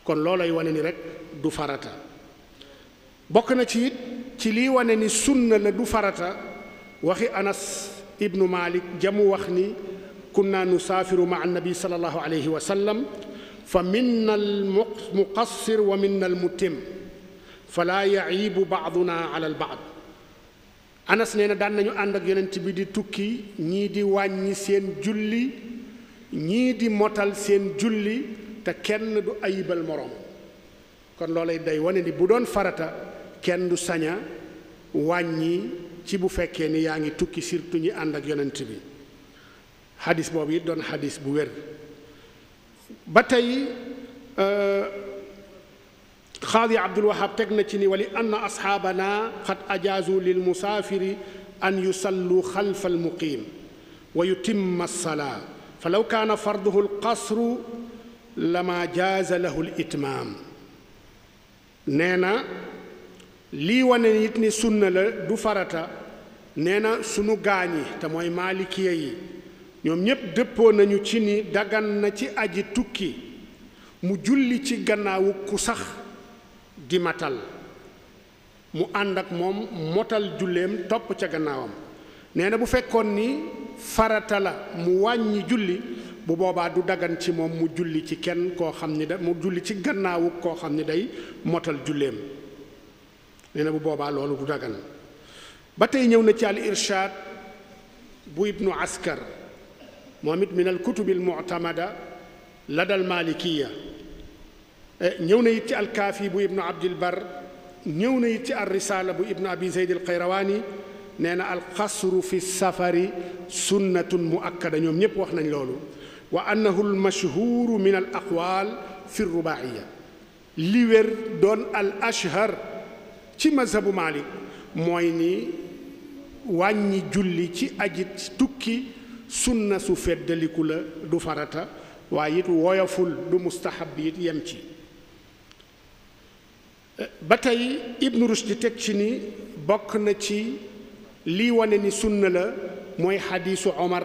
kon loolay wane ni rek du farata bokk na ci it ci liy wane ni sunna la du farata waxi anas ibnu malik jamu wax ni kunna nusaafiru ma annabi sallallahu alayhi wa sallam fa minna almuqassir wa minna almutim falaa yaciibu baaduna ala albaad anas nee na daan nañu ànd ak yonent bi di tukki ñii di wàññi seen julli ñii di motal seen julli te kenn du ayibal moroom kon loolay day wane ni bu doon farata kenn du saña wàññi ci bu fekkee ni yaa ngi tukki surtout ñi ànd ak yonent bi xadis boobu it doon xadis bu wér ba tey euh, xaadi abdulwahab teg na ci ni wali anna asxaabana xad ajaazu lil musaafiri an yusallu xalfa almuqiim wa yutimma alsalaa fa law kaana farduhu alqasru lama jaaza lahu litmaam nee na lii wane it ni sunna la du farata nee na sunu gaañi te mooy maalikiya yi ñoom ñépp dëppoo nañu ci ni dagan na ci aji tukki mu julli ci gannaawu ku sax dimatal mu ànd ak moom motal julleem topp ca gannaawam nee na bu fekkoon ni farata la mu wàññi julli bu boobaa du dagan ci moom mu julli ci kenn koo xam ni da mu julli ci gannaawu koo xam ni day motal julleem nee bu boobaa loolu du dagan ba tey ñëw na ci al irshaad bu ibnu askar moom it min al kutubi al mu'tamada ladal malikiya ñëw na it ci alkaafi bu ibnu abdil bar ñëw na it ci ar bu ibnu abi zeyd al nee na alxasru fi safari sunnatun muakkada ñoom ñépp wax nañ loolu wa annahu almashhuru min al fi rubaaiya li wér doon al ci mazhabu malik mooy ni wàññi julli ci ajit tukki sunna su feddaliku la du farata waaye it woyoful du mustahab it yem ci ba tey Ibn di teg ci ni bokk na ci lii wane ni sunna la mooy xadiisu Omar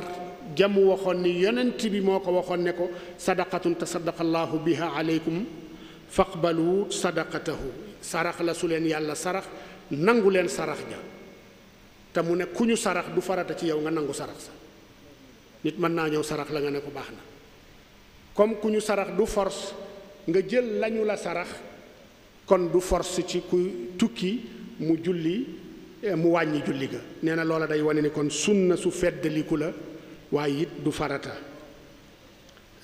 jamu waxoon ni yonent bi moo ko waxoon ne ko sadaqatun tasaddaqa allahu biha aleykum faqbalu sadaqatahu sarax la su leen yàlla sarax nangu leen sarax ja te mu ne ku ñu sarax du farata ci yow nga nangu sarax sa nit mën naa ñëw sarax la nga ne ko baax na comme ku ñu sarax du force nga jël lañu la sarax kon du fors ci ku tukki mu julli eh, mu wàññi julli ga nee na loola day wane ni kon sunna su feddaliku la waaye it du farata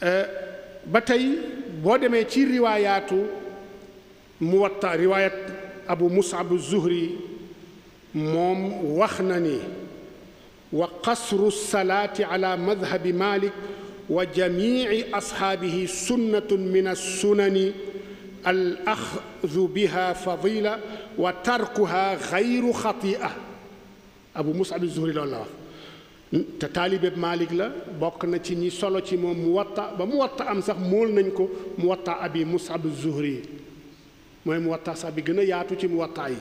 eh, ba tey boo demee ci riwaayaatu muwatta riwaayat abu musaabu zuhri moom wax na ni wa qasru salaati ala madhabi malik wa jamici ashaabihi sunnatun min assunani alaxdu biha fadila wa tarkuha xayru xatia abu musab zuhri loolu la te taalibe Malik la bokk na ci ñi solo ci moom muwatta ba muwatta am sax mool nañ ko muwatta abi musab zuhri mooy muwatta sax bi gën a yaatu ci wattaay yi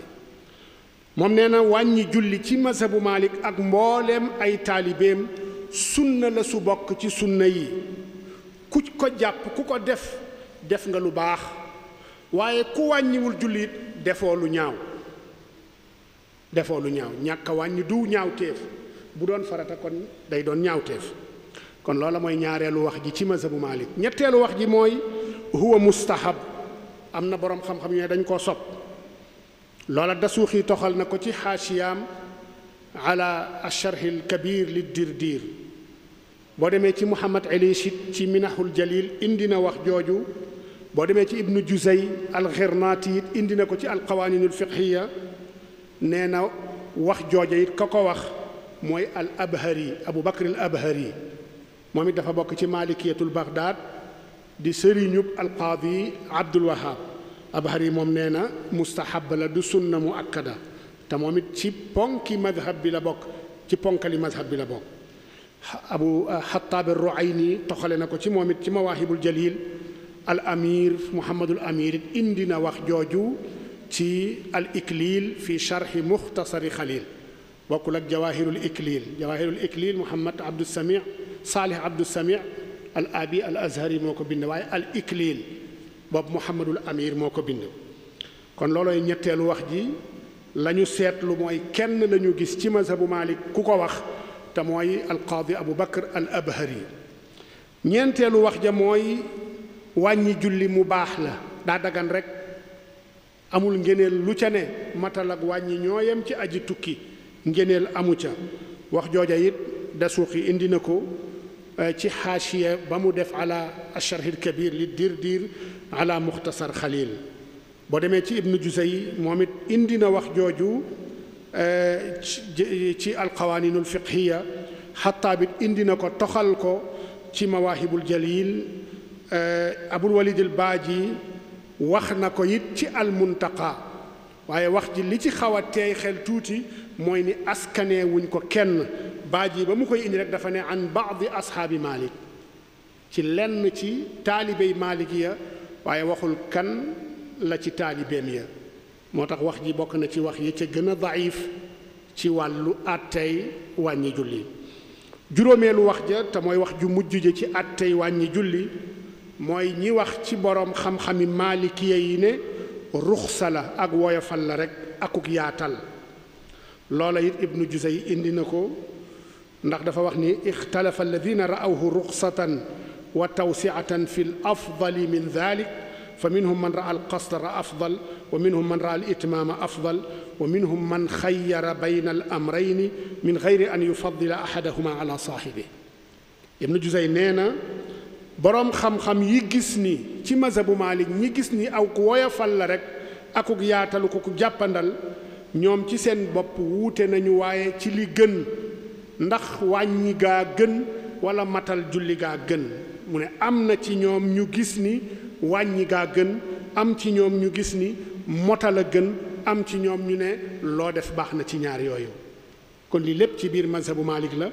moom nee na wàññi julli ci bu Malik ak mbooleem ay taalibeem sunna la su bokk ci sunna yi ku ko jàpp ku ko def def nga lu baax waaye ku wàññiwul julli defoo lu ñaaw defoo lu ñaaw ñàkk wàññi du ñaaw bu doon farata kon day doon ñaaw kon loola mooy ñaareelu wax ji ci mazhabu malik ñetteelu wax ji mooy huwa mustahab am na boroom xam-xam ñoo dañ koo sopp loola dasuuxi toxal na ko ci xaasiyaam ala asharhil kabir li dir diir boo demee ci Muhammad Ali ci minahul jalil indi na wax jooju boo demee ci ibnu juzay alxirnaati it indi na ko ci alqawaaninul fiqhiya nee na wax jooja it ka ko wax mooy al abhari abu bakr al abhari moom it dafa bokk ci malikiyatul baghdad di sëriñub alqaadi abdul wahab abhari moom nee na mustahab la du sunna mu akkada te moom it ci ponki madhab bi la bokk ci ponkali madhab bi la bokk abu xataab ruayni toxale na ko ci moom it ci mawaahibul jalil al amir muhammadul amir it indi na wax jooju ci al ikliil fi sharxi muxtasari xalil bokkul ak jawahirul ikliil jawahirul ikliil muhammad abdul sami saalih abdul sami al abi al azhari moo ko bind waaye al ikliil boobu muhammadul amir moo ko bind kon loolooy ñetteelu wax ji lañu seetlu mooy kenn lañu gis ci mazhabu malik ku ko wax te mooy al qaadi abu bakar al abhari ñeenteelu wax ja mooy wàññi julli mu baax la daadagan dagan rek amul ngeneel lu ca ne matal ak wàññi ñooyam ci aji tukki ngeneel amu ca wax jooja it dasuuqi indi na ko eh, ci xaashiya ba mu def ala asharhil kabir li diir diir ala muxtasar xalil boo demee ci ibnu jusey moom it indi na wax jooju eh, ci alqawaninul fiqhiya xattaab it indi na ko toxal ko ci mawaahibul jalil Euh, abul walidil baaji wax na ko it ci almuntaqa waaye wax ji li ci xaw a teey xel tuuti mooy ni askanewuñ ko kenn baaji ba mu koy indi rek dafa ne an baadi ashaabi malik ci lenn ci taalibey malik ya waaye waxul kan la ci taalibeem ya moo tax wax ji bokk na ci wax yi ca gën a daif ci wàllu àttey wàññi julli juróomeelu wax ja te mooy wax ju mujj ja ci àttey wàññi julli mooy ñi wax ci boroom xam yi ne ruxsa ak woyofal la rekk akuk yaatal loola it ibnu jusey indina ko ndax dafa wax ni ixtalafa alladina ra'awhu ruxsatan wa tawsiatan fi l afdali min dalik fa minhum man ra'a alqasra afdal wa minhum man ra'a alitmaama afdal wa minhum man xayara bayna al min geyri an yufadila axadahuma ala saaxibi ibnu jusey nee boroom xam-xam yi gis ni ci bu Maalik ñi gis ni aw ku woyofal la rek akuk yaatalu ko ku jàppandal ñoom ci seen bopp wuute nañu waaye ci li gën ndax wàññi gaa gën wala matal julli gaa gën mu ne am na ci ñoom ñu gis ni wàññi gaa gën am ci ñoom ñu gis ni motal a gën am ci ñoom ñu ne loo def baax na ci ñaar yooyu kon lii lépp ci biir bu Maalik la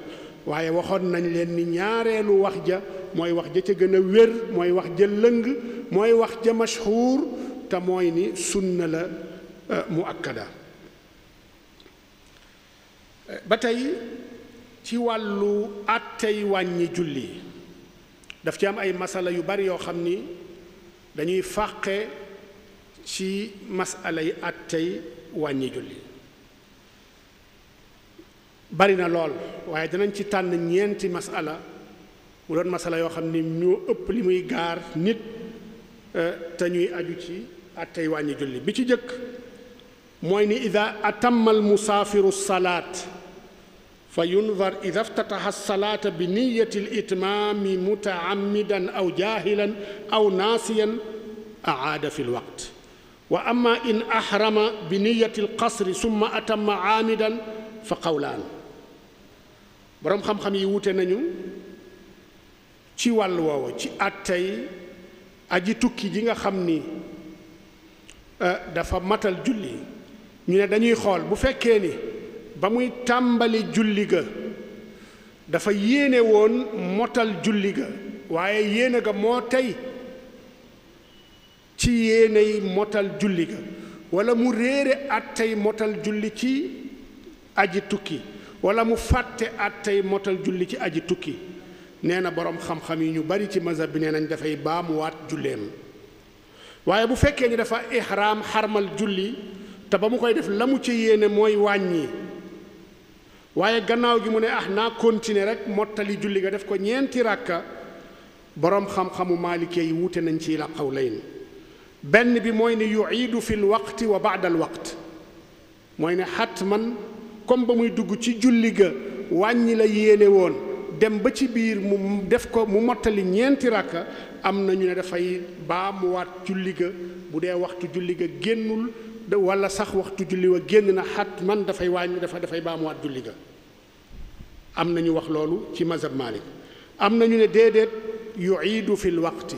waaye waxoon nañ leen ni ñaareelu wax ja mooy wax ja ca gën a wér mooy wax ja lëng mooy wax ja mashhuur te mooy ni sunna la euh, mu akkada ba tey ci wàllu àttey wàññi julli daf ci am ay masala yu bari yoo xam ni dañuy fàqe ci masala yi àttey wàññi julli bari na lool waaye danañ ci tànn ñeenti masala mu doon masala yoo xam ni ñoo ëpp li muy gaar nit euh, te ñuy aju ci attey wàññi julli bi ci jëkk mooy ni ida atamma almusaafiru salaat fa yunvar ida aftataha salaata bi niyati litmaami mutaammidan aw jaahilan aw naasiyan aada fi lwaqt wa ama in ahrama bi niyati alqasri summa atamma aamidan fa qawlaan boroom xam-xam yi wute nañu ci wàll woowu ci àttey aji tukki ji nga xam ni euh, dafa matal julli ñu ne dañuy xool bu fekkee ni ba muy tàmbali julli ga dafa yéene woon motal julli ga waaye yéene ga moo tey ci yéeney motal julli ga walla mu réere at tey motal julli ci aji tukki wala mu fàtte attey motal julli ci aji tukki nee na boroom xam-xam yi ñu bari ci mazhab bi nee nañ dafay baamuwaat julleem waaye bu fekkee ni dafa ihraam xarmal julli te ba mu koy def la mu ci yéene mooy wàññi waaye gannaaw gi mu ne ah naa continuer rek mottali julli nga def ko ñeenti ràkka boroom xam-xamu maalikee yi wuute nañ ci la qawlayn benn bi mooy ne yuiidu fi l waqti wa baada al mooy ne xatman comme ba muy dugg ci julli ga wàññi la yéene woon dem ba ci biir mu def ko mu mottali ñeenti rakka am na ñu ne dafay baa mu waat julli ga bu dee waxtu julli ga génnul wala sax waxtu julli génn na xat man dafay wàññi dafa dafay baa mu waat julli ga am na ñu wax loolu ci mazhab Malik am na ñu ne déedéet yuiidu fil waqti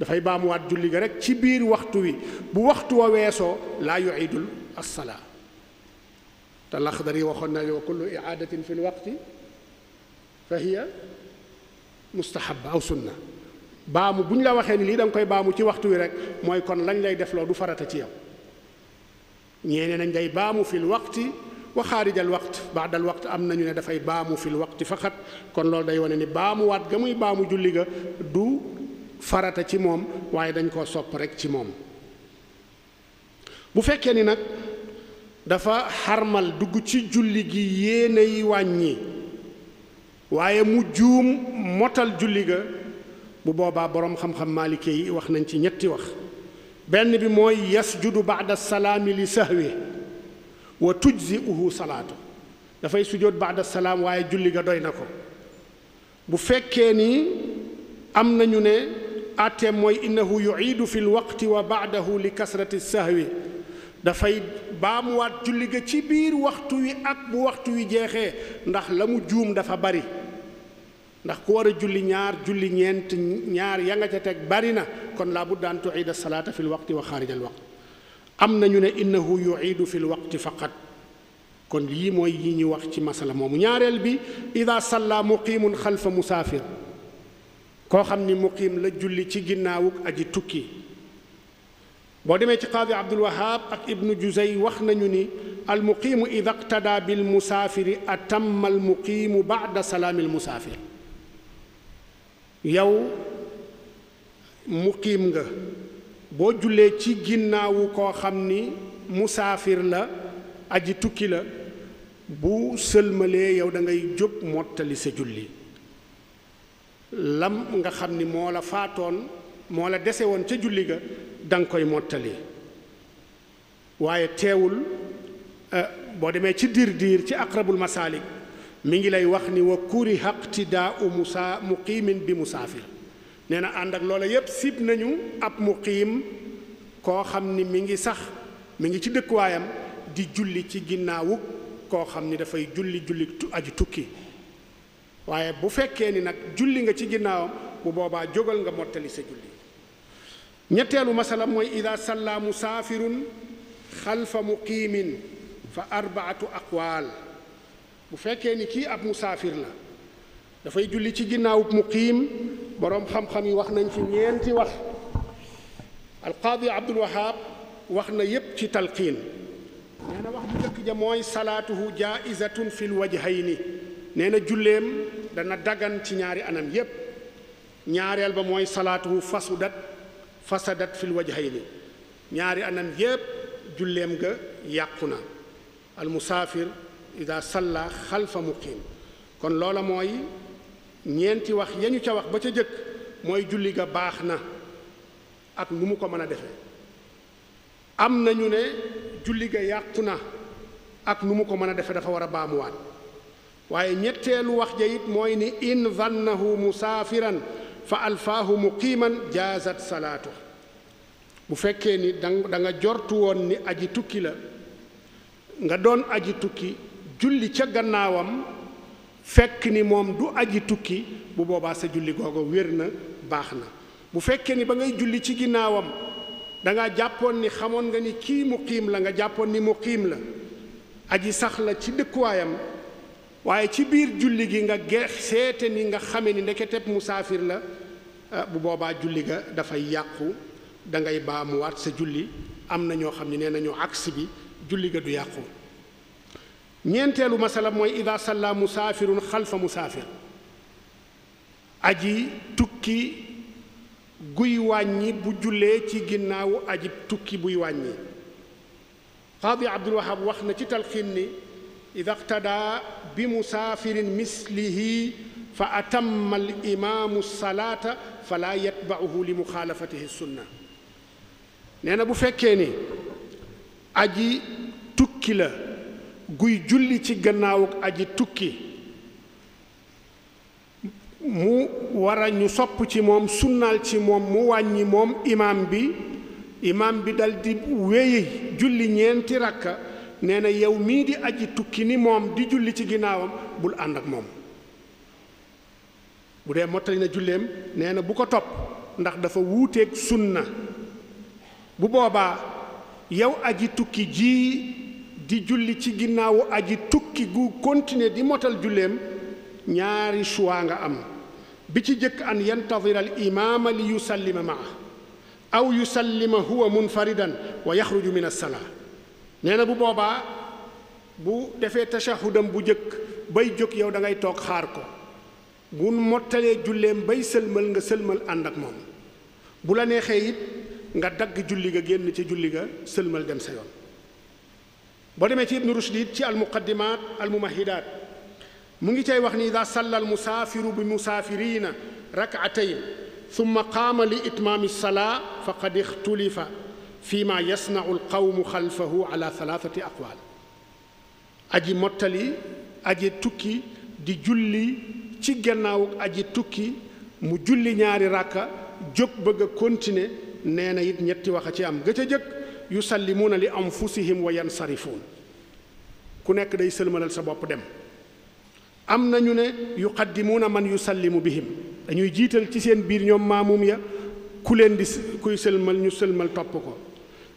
dafay baa waat julli ga rek ci biir waxtu wi bu waxtu wa weesoo laa yuiidul assalaa te laxdar yi waxoon nañu wa kullu iaadatin fi lwaqti fa hiya mustahaba aw sunna baamu bu ñu la waxee ni lii da koy baamu ci waxtu wi rek mooy kon lañ lay def loo du farata ci yow ñeene nañ day baamu fil waqti wa xaarijal waqt baadal waqt am nañu ne dafay baamu fil waqti faqat kon loolu day wane ni baamuwaat ga muy baamu julli ga du farata ci moom waaye dañ koo sopp rek ci moom bu fekkee ni nag dafa xarmal dugg ci julli gi yéene wàññi waaye mu juum motal julli ga bu boobaa boroom xam-xam maalike yi wax nañ ci ñetti wax benn bi mooy yasjudu baada salaami li sahwi wa tujziuhu salaatu dafay sujjóot baada salaam waaye julli ga doy na ko bu fekkee ni am nañu ne àtteem mooy innahu yuiidu fi lwaqti wa baadahu li kasrati sahwi dafay baamuwaat julli ga ci biir waxtu wi ak bu waxtu wi jeexee ndax la mu juum dafa bari ndax ku war a julli ñaar julli ñeent ñaar ya nga ca teg bari na kon laa budda an salaata fi lwaqti wa xaarij al waqt am nañu ne innahu yuidu fi lwaqti kon lii mooy yi ñu wax ci masala moomu ñaareel bi ida salla muqiimun xalfa musaafir koo xam ni muqiim la julli ci ginnaawuk aji tukki boo demee ci qaadi abdul wahaab ak ibnu juzay wax nañu ni almuqiimu ida qtadaa bil musaafiri atamma almuqiimu baada salaami almusaafir yow muqiim nga boo jullee ci ginnaawu koo xam ni musaafir la aji tukki la bu sëlmalee yow dangay ngay jóg mottali sa julli lam nga xam ni moo la faatoon moo la dese woon ca julli ga danga koy mottali waaye teewul eh, boo demee ci diir diir ci aqrabul masaalik mu ngi lay wax ni wa kuri haqtidaau musa muqiimin bi musaafir nee na ànd ak loola yépp sib nañu ab muqiim koo xam ni mi ngi sax mi ngi ci dëkkuwaayam di julli ci ginnaawu koo xam ni dafay julli julli aju tukki waaye bu fekkee ni nag julli nga ci ginnaawam bu boobaa jógal nga mottali sa julli ñetteelu masala mooy ida salla musaafirun xalfa muqiimin fa arbaatu aqwaal bu fekkee ni kii ab musaafir la dafay julli ci ginnaaw muqiim boroom xam-xam yi wax nañ ci ñeenti wax alqaadi abdul wax na yépp ci talkiin nee na wax bu njëkk ja mooy salaatuhu jaa'izatun fil wajhayni nee na julleem dana dagan ci ñaari anam yépp ñaareel ba mooy salaatuhu fasudat fasadat fil wajhayni ñaari anam yépp julleem ga yàqu na almusaafir ida salla xalfa muqim kon loola mooy ñeenti wax yañu ca wax ba ca jëkk mooy julli ga baax na ak nu mu ko mën a defee am nañu ne julli ga yàqu na ak nu mu ko mën a defe dafa war a baamuwaat waaye ñetteelu wax ja it mooy ni in vannahu fa alfaahu muqiiman jaazat salaatu bu fekkee ni da nga jortu woon ni aji tukki la nga doon aji tukki julli ca gannaawam fekk ni moom du aji tukki bu boobaa sa julli googu wér na baax na bu fekkee ni ba ngay julli ci ginnaawam danga jàppoon ni xamoon nga ni kii muqiim la nga jàppoon ni muqiim la aji sax la ci dëkkuwaayam waaye ci biir julli gi nga ge seete ni nga xame ni ndeketeb musaafir la ah, bu boobaa julli ga dafay yàqu da ngay baamuwaat sa julli am na ñoo xam ne nee nañu aks bi julli ga du yàqu ñeenteelu masala mooy ida salla musaafirun xalfa musaafir aji tukki guy wàññi bu jullee ci ginnaawu aji tukki buy wàññi qaadi abdul wahab wax na ci talxiin ni ida qtadaa bimusaafirin mislihi fa atamma al imaamu salaata fala yatba'uhu li muxaalafatihi sunna nee bu fekkee ni aji tukki la guy julli ci gannaaw aji tukki mu war a ñu sopp ci moom sunnaal ci moom mu wàññi moom imaam bi imaam bi dal di julli ñeenti rakka nee na yow mii di aj tukki ni moom di julli ci ginnaawam bul ànd ak moom bu dee mottali na julleem nee na bu ko topp ndax dafa wuuteeg na bu boobaa yow aji tukki ji di julli ci ginnaawu aji tukki gu continuer di motal julleem ñaari choix nga am bi ci jëkk an yantadira al imaama li yusallima maa aw yusallima huwa munfaridan wa yaxruju min alsalaa nee na bu boobaa bu defee tashahudam bu njëkk bay jóg yow da ngay toog xaar ko bu mottalee julleem bay sëlmal nga sëlmal ànd ak moom bu la neexee it nga dagg julli nga génn ci julli ga sëlmal dem sa yoon boo demee ci ibnu rushd ci almuqaddimaat almumahidaat mu ngi cay wax ni ida salla almusaafiru bi musaafirina rakatayn summa qaama li itmaami salaa faqad ixtulifa fii ma yasnau alqawmu xalfahu ala thalathati aqwaal aji mottali aji tukki di julli ci gannaaw aji tukki mu julli ñaari ràkka jóg bëgg a continuer nee na it ñetti wax a ci am gëj a jëkk yusallimuuna li anfusihim wa yansarifuun ku nekk day sëlmalal sa bopp dem am na ñu ne yuqaddimuuna man yusallimu bihim dañuy jiital ci seen biir ñoom maamum ya ku leen di kuy sëlmal ñu sëlmal topp ko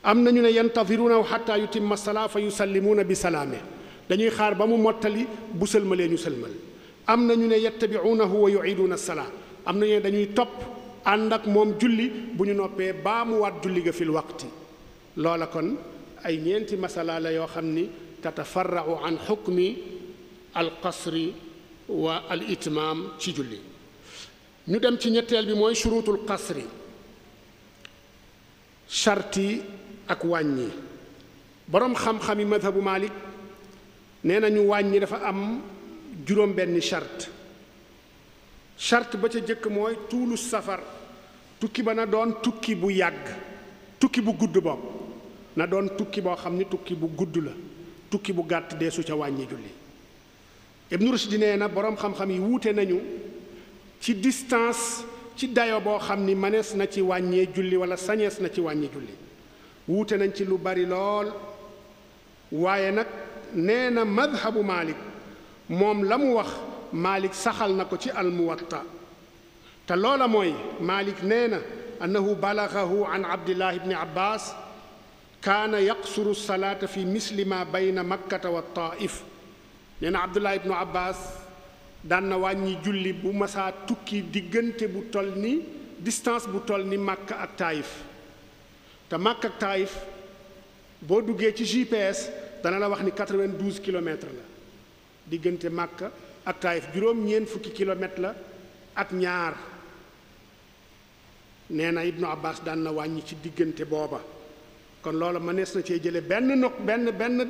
am na ñu ne yantaziruuna xatta yutimma salaa fa yusallimuuna bi salaame dañuy xaar ba mu mottali bu sëlmalee ñu sëlmal am na ñu ne yattabiuunahu wa yuiduuna salaa am nañu ne dañuy topp ànd ak moom julli bu ñu noppee baa mu waat julli ga fil waqti loola kon ay ñeenti masala la yoo xam ni tatafarrau an xukmi al qasri wa al ci julli ñu dem ci ñetteel bi mooy shuruutul qasri sharti ak wàññi boroom xam-xami madhabu Malik nee nañu wàññi dafa am juróom benn charte charte ba ca jëkk mooy tuulu safar tukki ba na doon tukki bu yàgg tukki bu gudd bopp na doon tukki boo xam ni tukki bu gudd la tukki bu gàtt dee ca wàññi julli Ibn Rushd na boroom xam-xam yi wuute nañu ci distance ci dayo boo xam ni mënees na ci wàññee julli wala sañees na ci wàññi julli wuute nañ ci lu bari lool waaye nag nee na madhabu Malik moom la mu wax Malik saxal na ko ci almuwatta te loola mooy Malik nee na annahu balagahu an abdillah ibni abbas kaana yaqsuru salaata fi misli ma makkata wa taif nee na abdullah ibnu abbas daan na wàññi julli bu masaa tukki diggante bu toll ni distance bu toll ni màkk ak taayif te Makka ak Taïf boo duggee ci GPS dana la wax ni 92 kilomètres la diggante Makka ak Taïf juróom-ñeent fukki kilomètres la ak ñaar nee na Ibnu Abbas daan na wàññi ci diggante booba kon loolu mënees na cee jële benn nok benn benn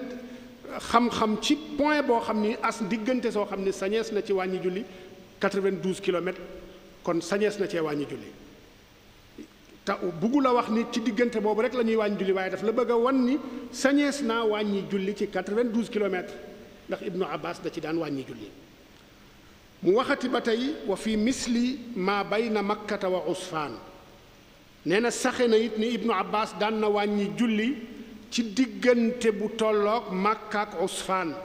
xam-xam ci point boo xam ni as diggante soo xam ni sañees na ci wàññi julli 92 kilomètres kon sañees na cee wàññi julli te buggu la wax ni ci diggante boobu rek la ñuy wàññi julli waaye daf la bëgg a wan ni sañees naa wàññi julli ci 92 kilomètres ndax ibnu abbas da ci daan wàññi julli mu waxati ba tey wa fi misli ma na makkata wa usfaan nee na saxe na it ni ibnu abbas daan na wàññi julli ci diggante bu tolloog màkka usfaan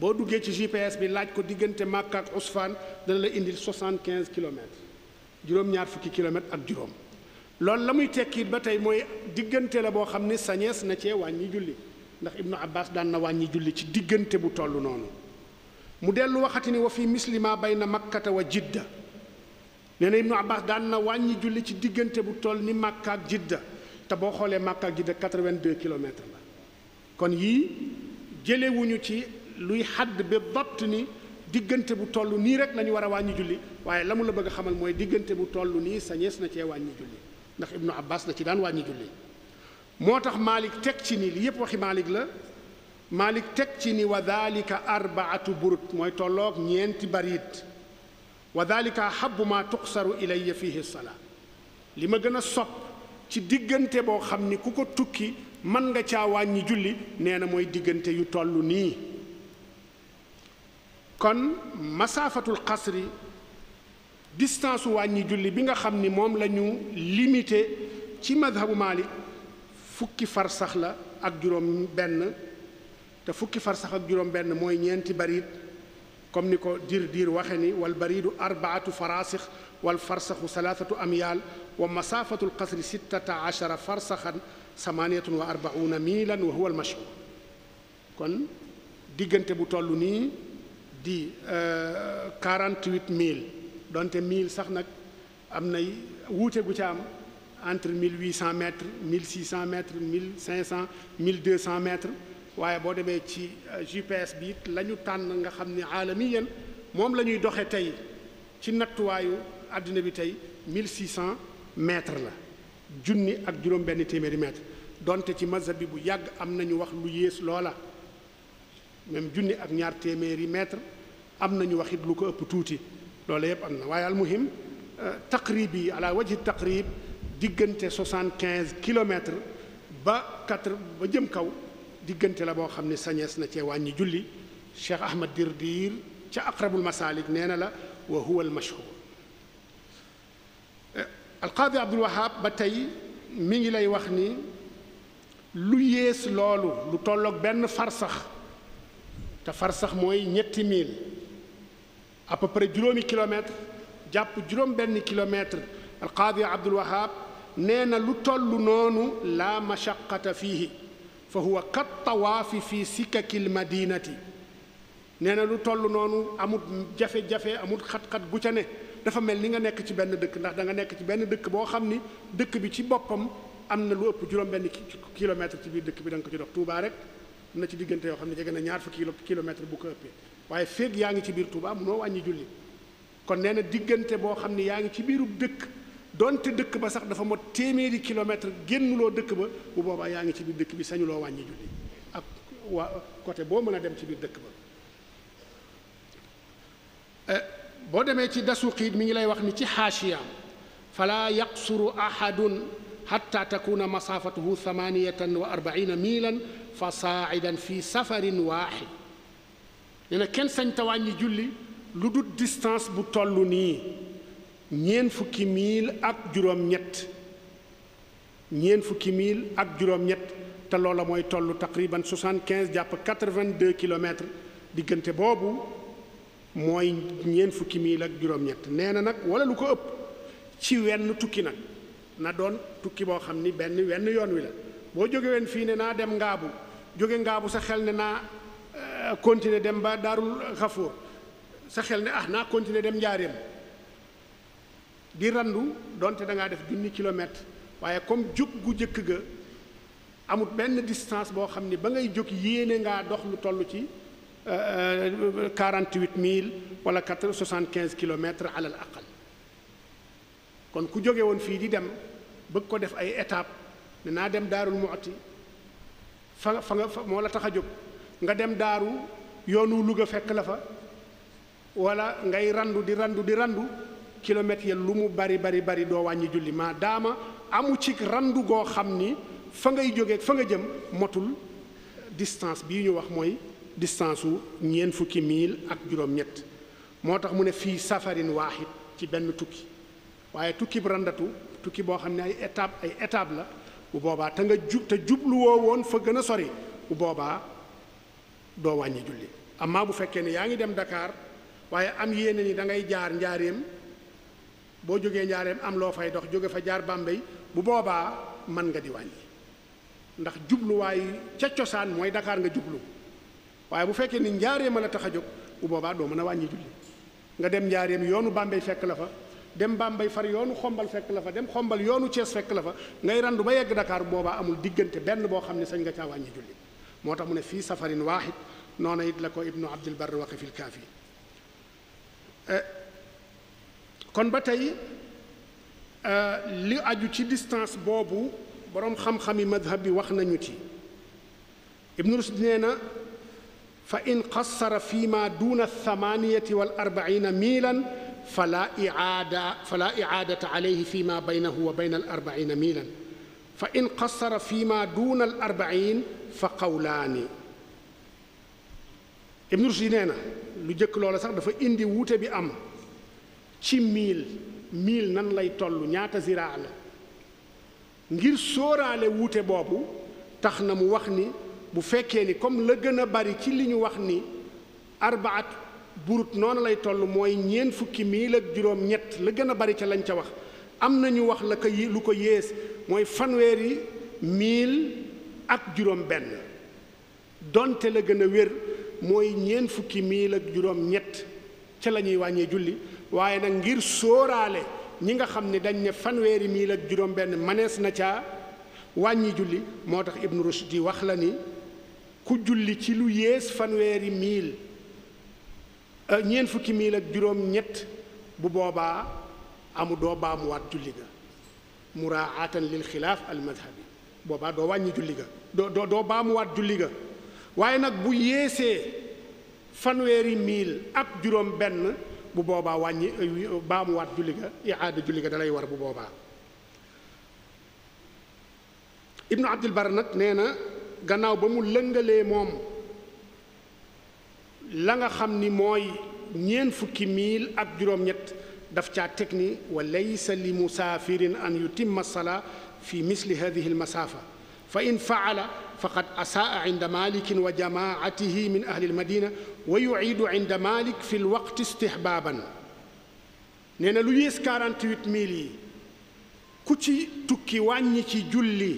boo duggee ci gps bi laaj ko diggante màkka ak usfaan dana la indil 75 kilomètres juróom-ñaar fukki kilomètres ak juróom loolu la muy tekkiit ba tey mooy diggante la boo xam ne sañees na cee wàññi julli ndax ibnu abbas daan na wàññi julli ci diggante bu toll noonu mu dellu waxati ni wa fi mislima bay na makkata wa jidda nee na ibnu abbas na wàññi julli ci diggante bu toll ni màkka ak jidda te boo xoolee màkka ak jidda 82 kilomètres la kon yii jëlewuñu ci luy xadd ba bopp ni diggante bu toll nii rek la war a wàññi julli waaye la mu la bëgg xamal mooy diggante bu toll nii sañees na cee wàññi julli ndax ibnu abbas da ci daan wàññi julli moo tax maalik teg ci ni li yépp waxi maalik la maalik teg ci ni wa dalika arbaatu burut mooy tolloog ñeenti barit wa dalika ahabu ma tuqsaru ilayya fihi salaa li ma gën a sopp ci diggante boo xam ni ku ko tukki mën nga caa wàññi julli nee na mooy diggante yu toll nii kon masaafatul qasri distance wàññi julli bi nga xam ni moom lañu ñu limité ci madhabu Malik fukki farsax la ak juróom benn te fukki farsax ak juróom benn mooy ñeenti barit comme ni ko diir diir waxe ni wal baridu arbaatu faraasix wal farsaxu salaasatu amyaal wa masaafatu alqasri sittata achara farsaxan samaaniyatun wa arbauna miilan wa huwa almashhur kon diggante bu toll nii di 48 euh, mille donte 1000 sax nag am nay wuute bu ca am entre 1800 mètres 1600 mètres 1500 1200 mètres waaye boo demee ci GPS euh, bi it la ñu tànn nga xam ne aalamiyan moom la ñuy doxe tey ci nattuwaayu àddina bi tey 1600 mètres la junni ak juróom-benn téeméeri mètres donte ci mazhab bi bu yàgg am nañu wax lu yées loola même junni ak ñaar téeméeri mètres am nañu wax it lu ko ëpp tuuti loolu yëpp am na waaye almuhim euh, taqrib yi ala wajhi taqrib diggante soixante-quinze kilomètres ba quatre ba jëm kaw diggante la boo xam ne sañees na cee wàññi julli Cheikh Ahmad Dirdiir ca aqrabul masalik nee na la wa huwa al mashhur euh, alqaadi ba tey mi ngi lay wax ni lu yées loolu lu tolloog benn farsax te farsax mooy ñetti mil à peu près juróomi kilomètre jàpp juróom benn kilomètre alqaadi abdul wahab nee na lu tollu noonu la mashaqata fiihi fa huwa kat tawaafi fi sikkakil madinati nee na lu toll noonu amut jafe-jafe amut xat-xat gu ne dafa mel ni nga nekk ci benn dëkk ndax da nga nekk ci benn dëkk boo xam ni dëkk bi ci boppam am na lu ëpp juróom benn kilomètre ci biir dëkk bi da nga ko ci dox Touba rek am na ci diggante yoo xam ne jege na ñaar fukki kilomètre bu ko ëppee waaye feeg yaa ngi ci biir Touba munoo wàññi julli kon nee na diggante boo xam ne yaa ngi ci biiru dëkk donte dëkk ba sax dafa mot téeméeri kilomètre génnuloo dëkk ba bu boobaa yaa ngi ci biir dëkk bi sañuloo wàññi julli ak waa boo mën a dem ci biir dëkk ba eh, boo demee ci dasu dasuqiit mi ngi lay wax ni ci xaashiyaam fala yaqsuru ahadun xatta takuna masaafatuhu thamaniyatan wa arbaina miilan fa saaidan fi safarin waaxid nee na kenn sañ ta wàññi julli lu dut distance bu toll nii ñeen fukki miil ak juróom-ñett fukki miil ak juróom te loola mooy toll taqriban 75 jàpp 82 kilomètres diggante boobu mooy ñeent fukki miil ak juróom-ñett nee na nag wala lu ko ëpp ci wenn tukki nag na doon tukki boo xam ni benn wenn yoon wi la boo jógeween fii ne naa dem ngaabu jóge ngaabu sa xel ne naa Euh, continuer dem ba daarul xafoor sa xel ne ah naa continuer dem njaareem di randu donte da ngaa def junni kilomètre waaye comme jóg gu jëkk ga amut benn distance boo xam ni ba ngay jóg yéene ngaa dox lu toll ci euh, euh, quarante-huit mille wala quatre soixante-quinze kilomètres alal aqal kon ku jóge woon fii di dem bëgg ko def ay étape ne naa dem daarul mu'ti fa fa nga moo la tax a jóg nga dem daaru yoonu Louga fekk la fa wala ngay randu di randu di randu kilomètres ya lu mu bari bari bari doo wàññi julli maa daama amu ci randu goo xam ni fa ngay jógee fa nga jëm motul distance bii ñu wax mooy distance su ñeent fukki miil ak juróom-ñett moo tax mu ne fii safarin waaxit ci benn tukki waaye tukki bu randatu tukki boo xam ne ay étape ay étape la bu boobaa te nga jub te jubluwoo woon fa gën a sori bu boobaa. doo wàññi julli amma bu fekkee ni yaa ngi dem dakaar waaye am yéene ni da ngay jaar njaareem boo jógee njaareem am loo fay dox jóge fa jaar Bambey bu boobaa mën nga di wàññi ndax jubluwaay ca cosaan mooy Dakar nga jublu waaye bu fekkee ni njaareem a la tax a jóg bu boobaa doo mën a wàññi julli nga dem njaareem yoonu Bambey fekk la fa dem Bambey far yoonu xombal fekk la fa dem xombal yoonu Cees fekk la fa ngay randu ba yegg Dakar boobaa amul diggante benn boo xam ne sañ nga caa wàññi julli moo tax mu ne fii safarin waaxid noona it la ko ibnu abdul barr waxe eh, kon ba tey eh, li aju ci distance boobu boroom xam-xami madhab bi wax nañu ci ibnu rushd nee na fa in qassara fi ma duna thamaniyati wal arbaina miilan fala iaada fala iaadata alayhi fi ma baynahu wa bayna al arbaina miilan fa in qassara ma duna al fa xawlaani Ibn Rushd nee na lu jëkk loola sax dafa indi wuute bi am ci miil miil nan lay toll ñaata ziraa la ngir sóoraale wuute boobu tax na mu wax ni bu fekkee ni comme la gën a bari ci li ñu wax ni arbaat burut noonu lay toll mooy ñeent fukki miil ak juróom ñett la gën a bari ca lañ ca wax am na ñu wax la ko lu ko yées mooy fanweeri miil ak juróom benn donte la gën a wér mooy ñeent fukki miil ak juróom ñett ca la wàññee julli waaye nag ngir sooraale ñi nga xam ni dañ ne fanweeri miil ak juróom benn manees na caa wàññi julli moo tax Ibn Rushd wax la ni ku julli ci lu yées fanweeri miil euh, ñeent fukki miil ak juróom ñett bu boobaa amu doo baamuwaat julli ga muraatan lil xilaaf al madhabi boobaa doo wàññi julli ga doo doo baamuwaat julli ga waaye nag bu yéesee fanweeri miil ak juróom benn bu boobaa wàññi baamuwaat julli ga iaada julli ga dalay war bu boobaa ibnu abdul bar nag nee na gannaaw ba mu lëngalee moom la nga xam ni mooy ñeent fukki miil ak juróom-ñett daf caa teg ni wa laysa li musaafirin an yutimma salaa fi misli hadihi almasaafa fa in faala faqad asaa inda malikin wa jamaatihi min ahli almadina wa yuciidu inda malik fi lwaqti istihbaaban nee na lu yées 48 mille yi ku ci tukki wàññi ci julli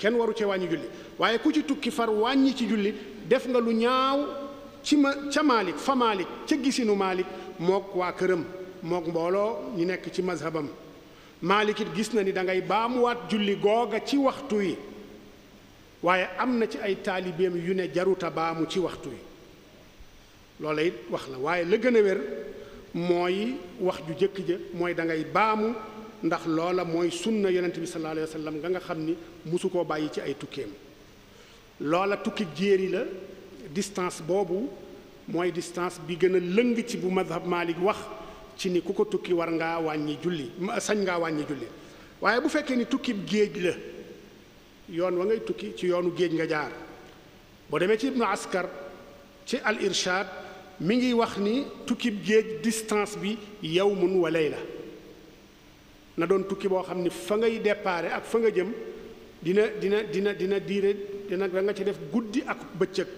kenn waru cee wàññi julli waaye ku ci tukki far wàññi ci julli def nga lu ñaaw ci ma ca maalik fa maalik ca gisinu maalik mook waa këram mook mbooloo ñi nekk ci mazhabam Maalik gis na ni dangay ngay baamuwaat julli googa ci waxtu yi waaye am na ci ay taalibeem yu ne jaruta baamu ci waxtu yi loola it wax la waaye la gën a wér mooy wax ju jëkk ja mooy dangay baamu ndax loola mooy sunna yonent bi sallallahu alayhi wa sallam nga nga xam ni mosu koo bàyyi ci ay tukkeem loola tukki jéeri la distance boobu mooy distance bi gën a lëng ci bu madhab Maalik wax ci ni ku ko tukki war ngaa wàññi julli sañ ngaa wàññi julli waaye bu fekkee ni tukkib géej la yoon wa ngay tukki ci yoonu géej nga jaar boo demee ci ibnu askar ci al irshad mi ngi wax ni tukkib géej distance bi yow yawmun wa la na doon tukki boo xam ni fa ngay déparé ak fa nga jëm dina dina dina dina diire dina da nga ci def guddi ak bëccëg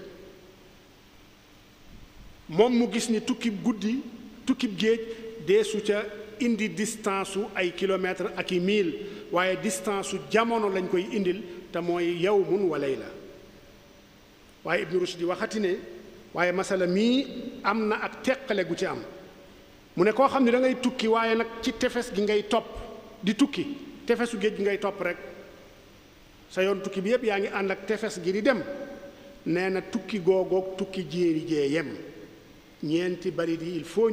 moom mu gis ni tukki guddi tukkib géej deesu ca indi distance su ay kilomètres ak i mil waaye distance su jamono lañ koy indil te mooy yow yawmun wa layla waaye Ibnu Rushdi waxati ne waaye masala mii am na ak teqale gu ci am mu ne koo xam ne da tukki waaye nag ci tefes gi ngay topp di tukki tefesu géej gi ngay topp rek sa yoon tukki bi yépp yaa ngi ànd ak tefes gi di dem nee na tukki googoog tukki jéeri jee yem ñeenti barit yi il faut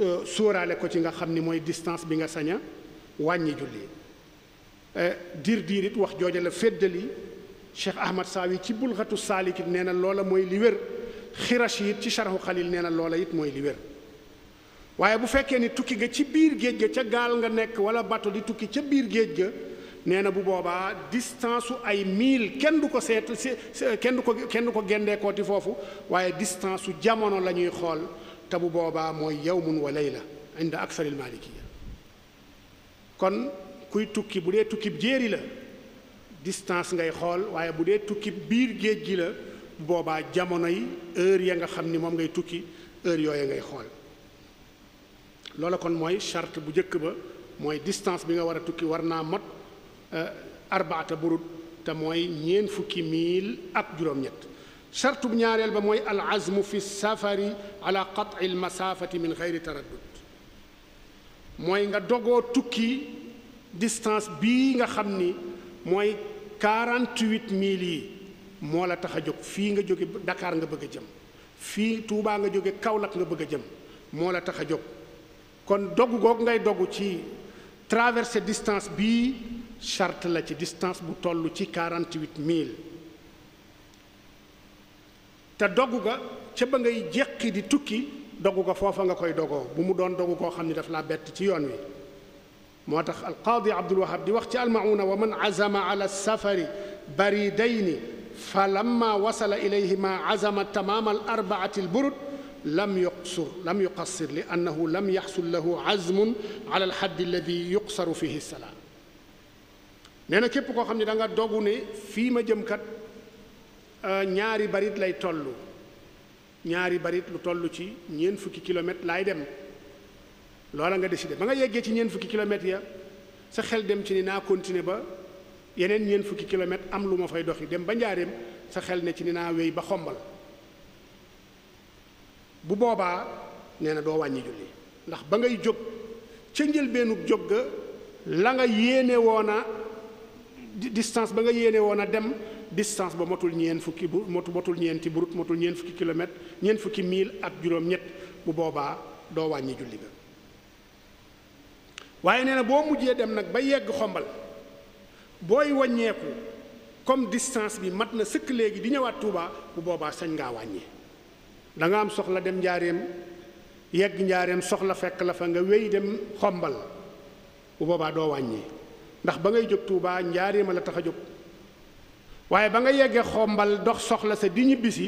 Euh, sóoraale ko ci nga xam ni mooy distance bi nga sañ a wàññi julli euh, diir diir it wax jooja la féddali Cheikh Ahmad Saawi ci bulxatu saalikin nee na loola mooy li wér xirash it ci sharhu xalil nee na loola it mooy li wér waaye bu fekkee ni tukki ga ci biir géej ga ca gaal nga nekk wala bato di tukki ca biir géej ga nee na bu boobaa distance su ay mille kenn du ko seet kenn du ko kenn du ko gendeekooti foofu waaye distance su jamono la ñuy xool te bu boobaa mooy yawmun wa layla inda aksari almalikiya kon kuy tukki bu dee tukkib jéeri la distance ngay xool waaye bu dee tukki biir géej gi la bu boobaa jamono yi heure ya nga xam ni moom ngay tukki heure yooya ngay xool loola kon mooy charte bu njëkk ba mooy distance bi nga war a tukki war naa mot euh, arbaata burut te mooy ñeen fukki miil ak juróom-ñett charte bu ñaareel ba mooy al azmu fi safari ala qat'i al masafati min geyri taraddud mooy nga dogoo tukki distance bii nga xam ni mooy 48 mille yi moo la tax a jóg fii nga jóge dakaar nga bëgg a jëm fii Touba nga jóge Kaolack nga bëgg a jëm moo la tax a jóg kon dogu goog ngay dogu ci traverse distance bii charte la ci distance bu toll ci 48 mille te dogu ga ca ba ngay jeqi di tukki dogu ga foofa nga koy dogoo bu mu doon dogu koo xam ni daf laa bett ci yoon wi moo tax alqaadi abdul wahab di wax ci almauna wa man azama ala safari baridayni fa lamma wasala ilayhima azama tamaama al arbaati al burud lam yuqsur lam yuqassir li lam yaxsul lahu azmun ala al xaddi alladi yuqsaru fihi salaam nee na képp koo xam ne da dogu ne fii ma jëm kat Euh, ñaari barit lay toll ñaari barit lu toll ci ñeent fukki kilomètres laay dem loola nga décidé ba nga yeggee ci ñeent fukki kilomètres ya sa xel dem ci ni naa continuer ba yeneen ñeent fukki kilomètres am lu ma fay doxi dem ba njaareem sa xel ne ci ni naa ba xombal bu boobaa nee na ba ngay jóg ca njëlbeenug jóg ga la nga yéene woon a distance ba nga yéene woon a dem distance ba motul ñeen fukki bu motul ñeenti burut motul ñeen fukki kilomètre ñeen fukki mil ak juróom-ñett bu boobaa doo wàññi julli ga waaye nee na boo mujjee dem nag ba yegg xombal booy wàññeeku comme distance bi mat na sëkk léegi di ñëwaat Touba bu boobaa sañ ngaa wàññi da nga am soxla dem njaareem yegg njaareem soxla fekk la fa nga wéy dem xombal bu boobaa doo wàññi ndax ba ngay jóg Touba njaareema la tax a jóg waaye ba nga yeggee xombal dox soxla sa di ñibbisi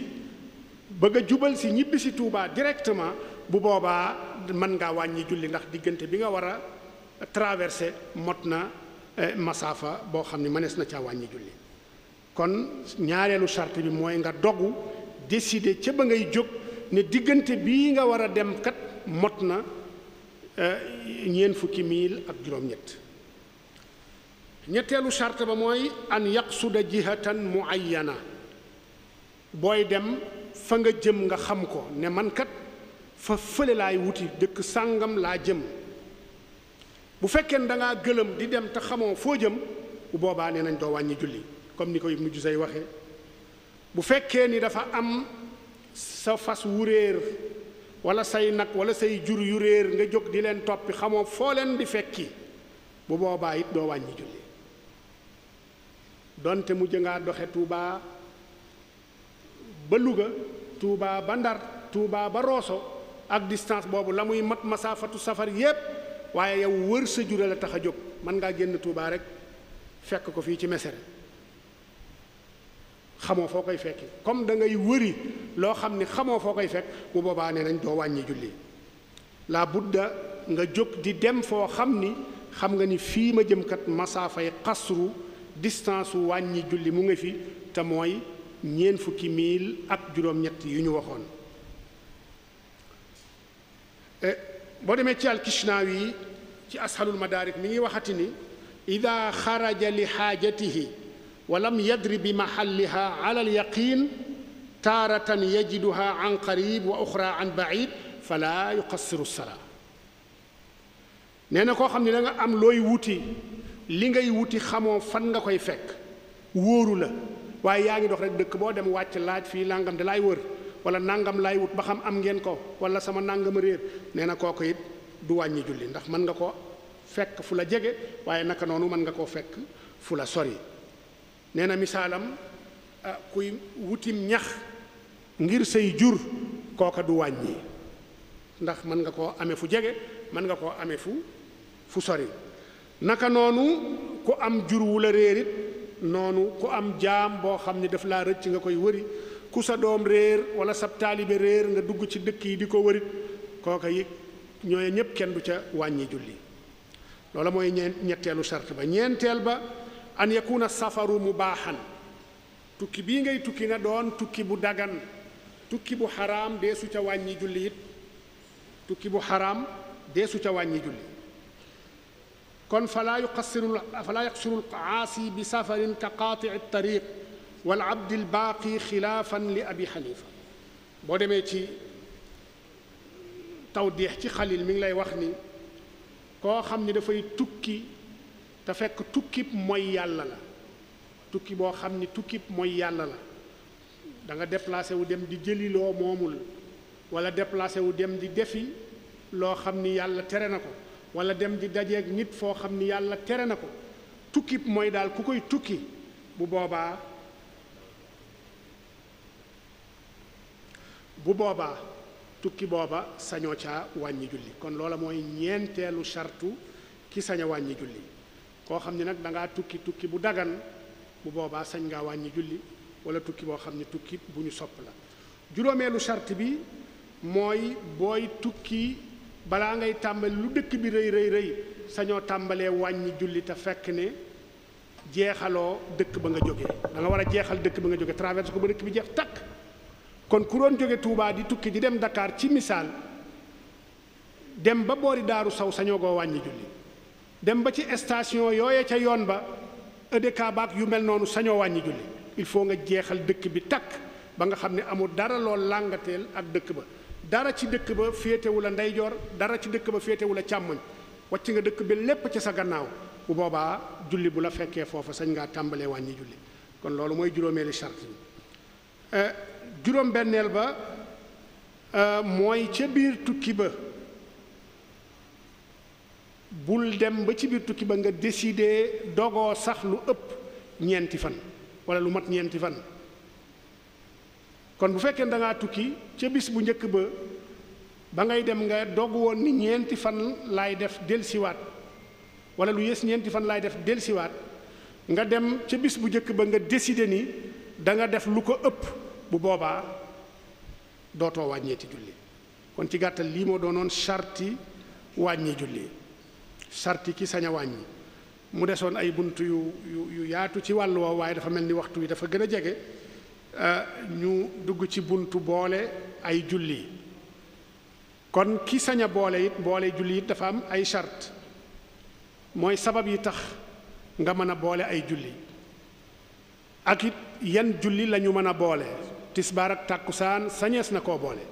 bëgg a jubal si ñibbisi Touba directement bu boobaa mën ngaa wàññi julli ndax diggante bi nga war a traversé mot na eh, masaafa boo xam ni mënees na caa wàññi julli kon ñaareelu charte bi mooy nga dogu décider ca ba ngay jóg ne diggante bi nga war a dem kat mot na eh, ñeent fukki miil ak juróom-ñett ñetteelu charte ba mooy an yaqsuda jihatan yana booy dem fa nga jëm nga xam ko ne man kat fa fële laay wuti dëkk sàngam laa jëm bu fekkee ne danga ngaa gëlëm di dem te xamoo foo jëm bu boobaa ne nañ doo wàññi julli comme ni koy mujj say waxee bu fekkee ni dafa am sa fas wu réer wala say nag wala say jur yu réer nga jóg di leen toppi xamoo foo leen di fekki bu boobaa it doo wàññi julli donte mujj ngaa doxe tuubaa ba Louga Touba ba Ndar Touba ba Rosso ak distance boobu la muy mat fatu safar yépp waaye yow wër sa jure la tax a jóg mën ngaa génn tuubaa rek fekk ko fii ci Mesere xamoo foo koy fekk comme da ngay wëri loo xam ni xamoo foo koy fekk bu boobaa nee nañ doo wàññi julli la budda nga jóg di dem foo xam ni xam nga ni fii ma jëm kat fay xasru distance wu wàññi julli mu ngi fi te mooy ñeent fukki miil ak juróom-ñett yu ñu waxoon eh, boo demee ci alkishnaawi yi ci ashalul madaarik mi ngi waxati ni ida xaraja li xaajatihi wa lam yadri bi maxalliha ala alyaqin taaratan yajiduha an qarib wa oxra an baid fala yuqassiru salaa nee na koo xam ne da am looy wuti li ngay wuti xamoo fan nga koy fekk wóoru la waaye yaa ngi dox rek dëkk boo dem wàcc laaj fii nangam da laay wër wala nangam laay wut ba xam am ngeen ko wala sama nangama réer nee na kooku it du wàññi julli ndax mën nga ko fekk fu jege waaye naka noonu mën nga koo fekk fu la sori nee na misaalam ah, kuy wutim ñax ngir say jur kooka du wàññi ndax mën nga koo amee fu jege mën nga koo amee fu fu sori naka noonu ku am jur wu la réer it noonu ku am jaam boo xam ni daf laa rëcc nga koy wëri ku sa doom réer wala sab taalibe réer nga dugg ci dëkk yi di ko wërit kooka yi ñooy ñépp kenn du ca wàññi julli loola mooy ñetteelu sart ba ñeenteel ba an na safaru mu baaxan tukki bii ngay tukki na doon tukki bu dagan tukki bu xaraam deesu ca wàññi julli it tukki bu xaraam deesu ca wàññi julli kon falaa yuqassiru falaa yaqsiru lqaasi bi safarin ka qaatici tariq wal abdi lbaaqi xilaafan li abi xanifa boo demee ci tawdiix ci xalil mi ngi lay wax ni koo xam ni dafay tukki te fekk tukkib mooy yàlla la tukki boo xam ni tukkib mooy yàlla la danga nga wu dem di jëli moomul wala déplacé wu dem di defi loo xam ni yàlla tere na ko wala dem di dajeeg nit foo xam ni yàlla tere na ko tukki mooy daal ku koy tukki bu boobaa bu boobaa tukki booba sañoo caa wàññi julli kon loola mooy ñeenteelu sartu ki sañ a wàññi julli koo xam ni nag da tukki tukki bu dagan bu boobaa sañ ngaa wàññi julli wala tukki boo xam ni tukki bu ñu sopp la juróomeelu sart bi mooy booy tukki balaa ngay tàmbali lu dëkk bi rëy rëy rëy sañoo tàmbalee wàññi julli te fekk ne jeexaloo dëkk ba nga jóge da war a jeexal dëkk ba nga jóge traversé ko ba dëkk bi jeex takk kon ku doon jóge tuubaa di tukki di dem Dakar ci misaal dem ba boori daaru saw sañoo goo wàññi julli dem ba ci station yooye ca yoon ba EDK baak yu mel noonu sañoo wàññi julli il faut nga jeexal dëkk bi takk ba nga xam ne amul dara lool làngateel ak dëkk ba dara ci dëkk ba féetewu la ndeyjoor dara ci dëkk ba féetewu la càmmoñ wàcc nga dëkk bi lépp ca sa gannaaw bu boobaa julli bu la fekkee foofa sañ ngaa tàmbalee wàññi julli kon loolu mooy juróomeelu charte bi euh, juróom benneel ba euh, mooy ca biir tukki ba bul dem ba ci biir tukki ba nga décider dogoo sax lu ëpp ñeenti fan walla lu mat ñeenti fan kon bu fekkee da ngaa tukki ca bis bu njëkk ba ba ngay dem nga dogg woon ni ñeenti fan laay def delsiwaat wala lu yées ñeenti fan laay def delsiwaat nga dem ca bis bu njëkk ba nga décider ni danga def lu ko ëpp bu boobaa dootoo wàññeeti julli kon ci gàttal lii moo doonoon sarti wàññi julli sarti ki sañ a wàññi mu desoon ay bunt yu yu yu yaatu ci wàll woowu waaye dafa mel ni waxtu wi dafa gën a jege Euh, ñu dugg ci buntu boole ay julli kon ki sañ a boole it boole julli it dafa am ay chart mooy sabab yi tax nga mën a boole ay julli ak it yan julli lañu mën a boole tisbaar ak tàkkusaan sañees na koo boole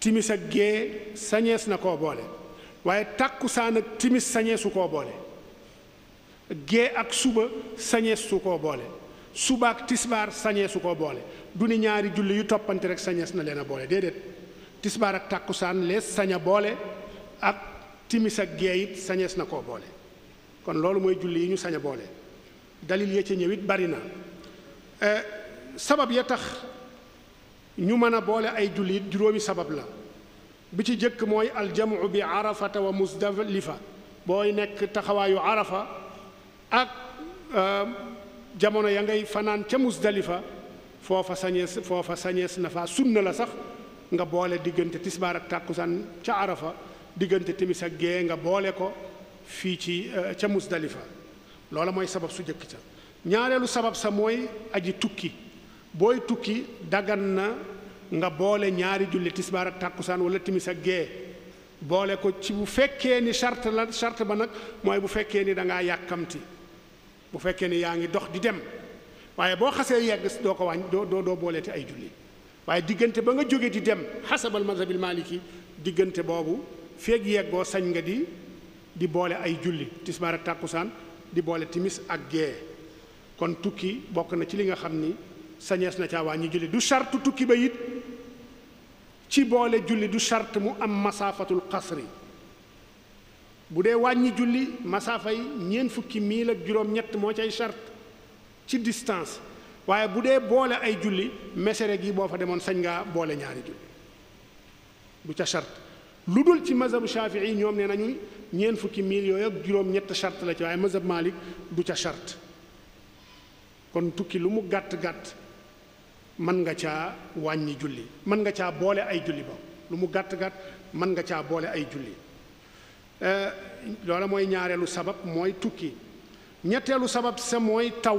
timis ak gée sañees na koo boole waaye tàkkusaan ak timis sañeesu koo boole gée ak suba sañees su koo boole subaak tisbaar sañee su ko boole du ni ñaari julli yu toppante rek sañees na leen a boole déedéet tisbaar ak tàkkusaan lees sañ a boole ak timis ak gee sañees na koo boole kon loolu mooy julli yi ñu sañ a boole dalil ya ca ñëw it bari na eh, sabab ya tax ñu mën a boole ay julli it juróomi sabab la bi ci jëkk mooy aljamu bi arafata wa musdalifa booy nekk taxawaayu arafa ak eh, jamono ya ngay fanaan ca musdalifa foofa sañees foofa sañees na fa sunna la sax nga boole diggante tisbaar ak tàkkusaan ca arafa diggante timis ak gée nga boole ko fii ci eh, ca musdalifa loola mooy sabab su jëkk ca ñaareelu sabab sax mooy aji tukki booy tukki dagan na nga boole ñaari julli tisbaar ak tàkkusaan wala timis ak gée boole ko ci bu fekkee ni charte la charte ba nag mooy bu fekkee ni da ngaa yàkkamti bu fekkee ne yaa ngi dox di dem waaye boo xasee yegg doo ko wàññ doo doo doo booleete ay julli waaye diggante ba nga jóge di dem xasabal mazhabil maliki diggante boobu feeg yeggoo sañ nga di di boole ay julli tisbaar ak tàkkusaan di boole timis ak gee kon tukki bokk na ci li nga xam ni sañees na caa wàññi julli du charte tukki ba it ci boole julli du charte mu am masaafatul xasri bu dee wàññi julli masaafa fay ñeent fukki miil ak juróom-ñett moo cay charte ci distance waaye bu dee boole ay julli mesere gi boo fa demoon sañ ngaa boole ñaari julli bu ca chart lu dul ci mazhabu shafii ñoom ne nañu ñeent fukki miil yooyu ak juróom-ñett charte la ci waaye mazhab malik du ca chart kon tukki lu mu gàtt-gàtt mën nga caa wàññi julli mën nga caa boole ay julli ba lu mu gàtt-gàtt mën nga caa boole ay julli Eh, loola mooy ñaareelu sabab mooy tukki ñetteelu sabab sa mooy taw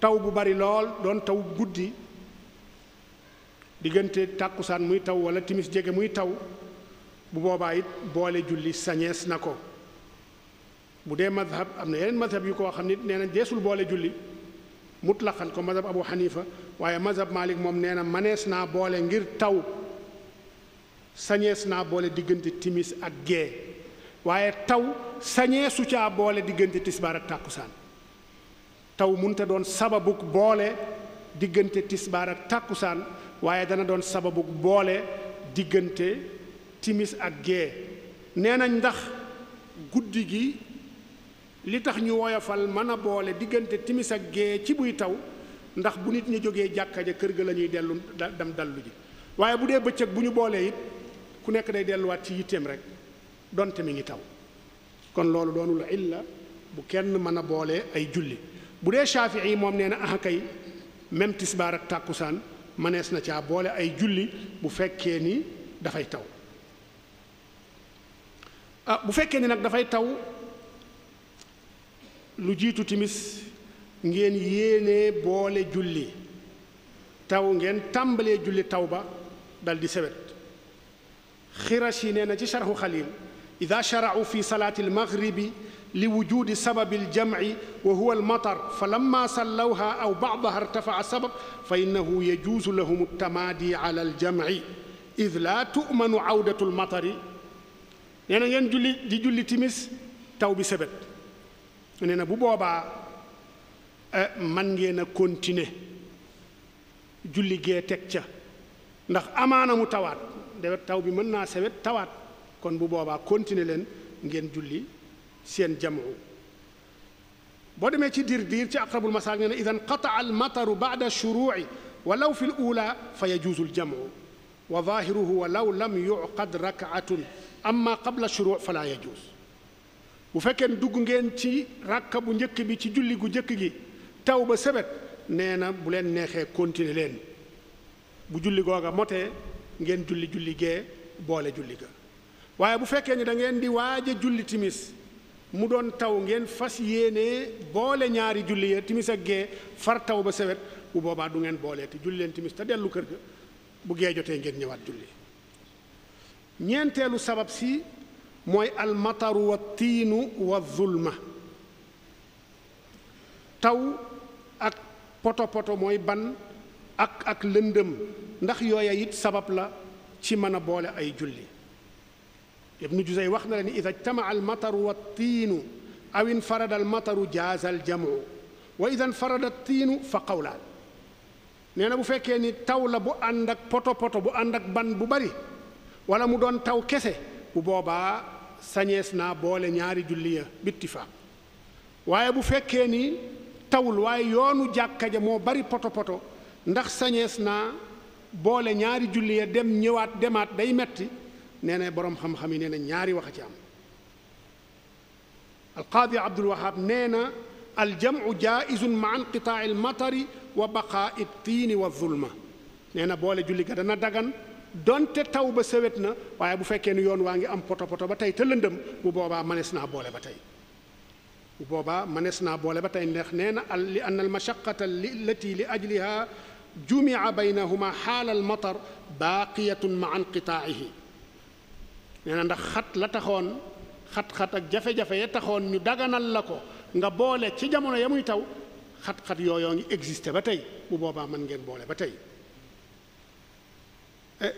taw bu bari lool doon taw guddi diggante tàkkusaan muy taw wala timis jege muy taw bu boobaa it boole julli sañees na ko bu dee madhab am na yeneen madhab yu koo xam ne nee na deesul boole julli mutlaqan ko madhab abu xanifa waaye madhab malik moom nee na manees naa boole ngir taw sañees naa boole diggante timis ak gee waaye taw sañee su caa boole diggante tisbaar ak tàkkusaan taw munta doon sababuk boole diggante tisbaar ak tàkkusaan waaye dana doon sababuk boole diggante timis ak gee nee nañ ndax guddi gi li tax ñu woyofal mën a boole diggante timis ak gee ci buy taw ndax bu nit ñu jógee jàkka ja kër ga la ñuy dellu dem dallu ji waaye bu dee bëccëg bu ñu boolee it ku nekk day delluwaat ci yitteem rek donte mi ngi taw kon loolu doonul illa bu kenn mën a boole ay julli bu dee Shaafi'i moom nee na ah kay même tisbaar ak tàkkusaan mënees na caa boole ay julli bu fekkee ni dafay taw ah bu fekkee ni nag dafay taw lu jiitu timis ngeen yéene boole julli taw ngeen tàmbalee julli taw ba daldi sewet xirash yi nee na ci sarxu xaliil ida sharau fi salaati almaghribi li wujudi sababi aljamci wa huwa almatar fa lamma sallawha aw bacdaha irtafaca sabab fa innahu yajuusu lahum altamaadi ala aljamci id laa tu'manu awdatu almatari nee na ngeen julli di julli timis taw bi sebet nee na bu boobaa eh, man ngeen a continuer julli gee teg ca ndax amaana mu tawaat dewet taw bi mën naa sebet tawaat kon bu boobaa continuer leen ngeen julli seen jamoo boo demee ci diir diir ci aqrabul masaak nee idan qataa almataru baada shuruuci walaw fi l ula fa yajuusu ljamoo wa zaahiruhu walaw lam yuqad rakaatun amma qabla shuruuc fala yajuus bu fekkee dugg ngeen ci rakka bu njëkk bi ci julli gu njëkk gi taw ba sebet nee na bu leen neexee continuer leen bu julli googa motee ngeen julli julli gee boole julli ga waaye bu fekkee ni dangeen di waaj a julli timis mu doon taw ngeen fas yéenee boole ñaari julli ya timis ak gee far taw ba sewet bu boobaa du ngeen boolee te julli leen timis te dellu kër ga bu gee jotee ngeen ñëwaat julli ñeenteelu sabab si mooy almataru wa tiinu wa zulma taw ak potopoto mooy ban ak ak lëndëm ndax yooya it sabab la ci mën a boole ay julli ibnu jusey wax na la ni ida jtamaca almataru wattiinu aw infarada almataru jaaza aljamu wa ida infarada tiinu fa qawlaan nee na bu fekkee ni taw la bu ànd ak poto poto bu ànd ak ban bu bari wala mu doon taw kese bu boobaa sañees naa boole ñaari julli ya bittifaaq waaye bu fekkee ni tawul waaye yoonu jàkka ja moo bari poto poto ndax sañees naa boole ñaari julli ya dem ñëwaat demaat day metti nee na boroom xam-xam yi nee na ñaari wax a ci am alqaadi abdulwahab nee na aljamcu jaaisun ma inqitaaci almatari wa baqaa'i tiini wa zulma nee na boole julli ga dana dagan donte taw ba sawet na waaye bu fekkee ni yoon waa ngi am potopoto ba tey te lëndëm bu boobaa mënees naa boole ba tey bu boobaa mënees naa boole ba tey ndax nee na al li ann almashaqata allati li ajliha jumia baynahuma xaala almatar baaqiyatun ma inqitaacihi nee na ndax xat la taxoon xat-xat ak jafe-jafe ya taxoon ñu daganal la ko nga boole ci jamono ya muy taw xat-xat yooyoo ngi existé ba tey bu boobaa mën ngeen boole ba tey eh,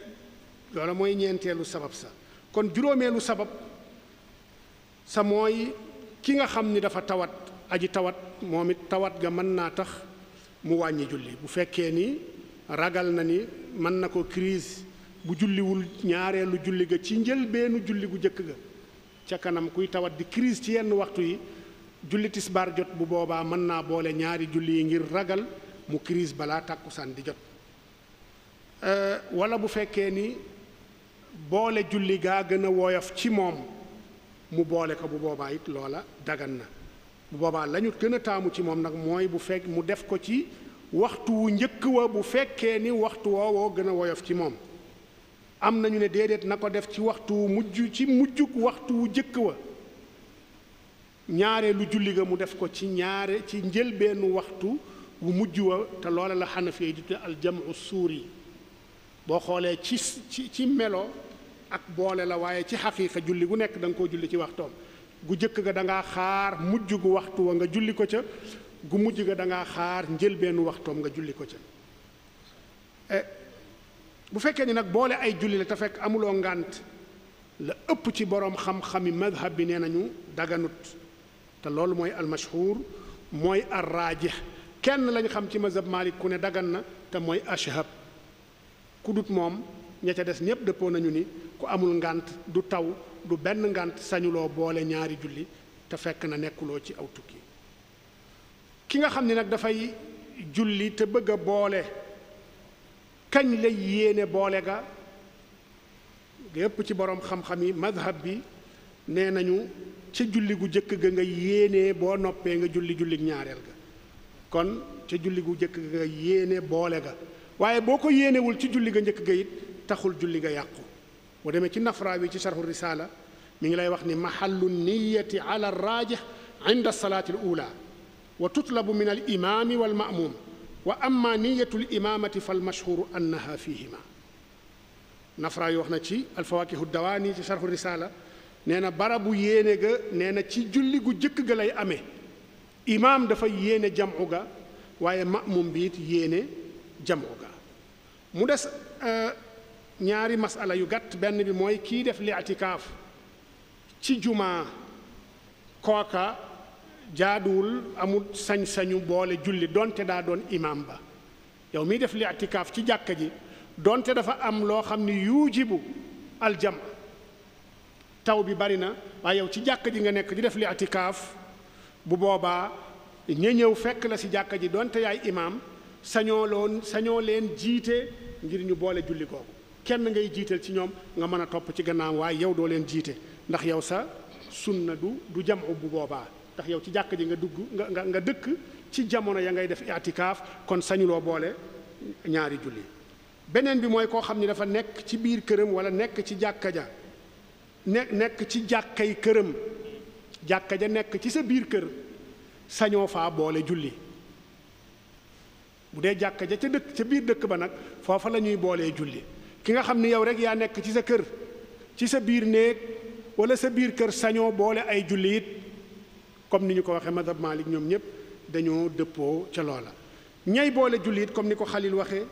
loolu mooy ñeenteelu sabab sa kon juróomeelu sabab sa mooy ki nga xam ni dafa tawat aji tawat moom it tawat ga mën naa tax mu wàññi julli bu fekkee ni ragal na ni mën na ko crise bu julliwul ñaareelu julli ga ci njëlbeenu julli gu jëkk ga ca kanam kuy tawat di crise ci yenn waxtu yi julli tisbaar jot bu boobaa mën naa boole ñaari julli yi ngir ragal mu crise balaa tàkkusaan di jot euh, wala bu fekkee ni boole julli gaa gën a woyof ci moom mu boole ko bu boobaa it loola dagan na bu boobaa lañu gën a taamu ci moom nag mooy bu fekk mu def ko ci waxtu wu njëkk wa bu fekkee ni waxtu woowoo gën a woyof ci moom am nañu ne déedéet na ko def ci waxtu wu mujj ci mujj waxtu wu jëkk wa ñaareelu julli ga mu def ko ci ñaare ci njëlbeenu waxtu wu mujj wa te loole la xanafi yi di tudde aljamu suuri boo xoolee ci ci ci melo ak boole la waaye ci xaqiiqa julli gu nekk danga nga koo julli ci waxtoom gu jëkk ga danga ngaa xaar mujj gu waxtu wa nga julli ko ca gu mujj ga da ngaa xaar njëlbeenu waxtoom nga julli ko ca eh, bu fekkee ni nag boole ay julli la te fekk amuloo ngant la ëpp ci boroom xam-xami madhab bi nee nañu daganut te loolu mooy almashhur mooy arraajih kenn lañ xam ci mazhab Maalik ku ne dagan na te mooy ashhab ku moom ña ca des ñépp dëppoo nañu ni ku amul ngant du taw du benn ngànt sañuloo boole ñaari julli te fekk na nekkuloo ci aw tukki ki nga xam ni nag dafay julli te bëgg a boole kañ lay yéene boole ga yépp ci boroom xam-xam yi madhab bi nee nañu ca julli gu jëkk ga nga yéenee boo noppee nga julli jullig ñaareel ga kon ca julli gu jëkk ga nga yéene boole ga waaye boo ko yéenewul ci julli ga njëkk ga taxul julli ga yàqu boo demee ci nafra wi ci sharhu risaala mi ngi lay wax ni mahallu niyati ala raajih inda salaati al ula wa tutlabu min al imaami wal ma'muum waa amma niyatul imaamati fal mashhuru annaha fihima nafra yi wax na ci alfawakihu dawaani ci sarxu risaala nee na barabu yéene ga nee na ci julli gu jëkk ga lay amee imaam dafay yéene jamu ga waaye ma'mum bi it yéene jamu ga mu des euh, ñaari masala yu gàtt benn bi mooy kii def li'tikaaf ci jumaa kooka jaaduwul amul sañ-sañu boole julli donte daa doon imaam ba yow miy def li'tikaaf ci jàkka ji donte dafa am loo xam ni yuujibu aljam taw bi bari na waaye yow ci jàkka ji nga nekk di def li'tikaaf bu boobaa ña ñëw fekk la si jàkka ji donte yaay imaam sañoo loon sañoo leen jiite ngir ñu boole julli googu kenn ngay jiital ci ñoom nga mën a topp ci gannaaw waaye yow doo leen jiite ndax yow sa sunna du du jamu bu boobaa yow ci jàkk ji nga dugg nga nga nga dëkk ci jamono ya ngay def itikaaf kon sañuloo boole ñaari julli beneen bi mooy koo xam ni dafa nekk ci biir këram wala nekk ci jàkka ja nekk ci jàkkay këram jàkka ja nekk ci sa biir kër sañoo faa boole julli bu dee jàkka ja ca dëkk ca biir dëkk ba nag foofa lañuy ñuy boolee julli ki nga xam ni yow rek yaa nekk ci sa kër ci sa biir néeg wala sa biir kër sañoo boole ay julli it comme ni ñu ko waxee madhab Malik ñoom ñëpp dañoo dëppoo ca loola ñay boole julli comme ni ko xalil waxee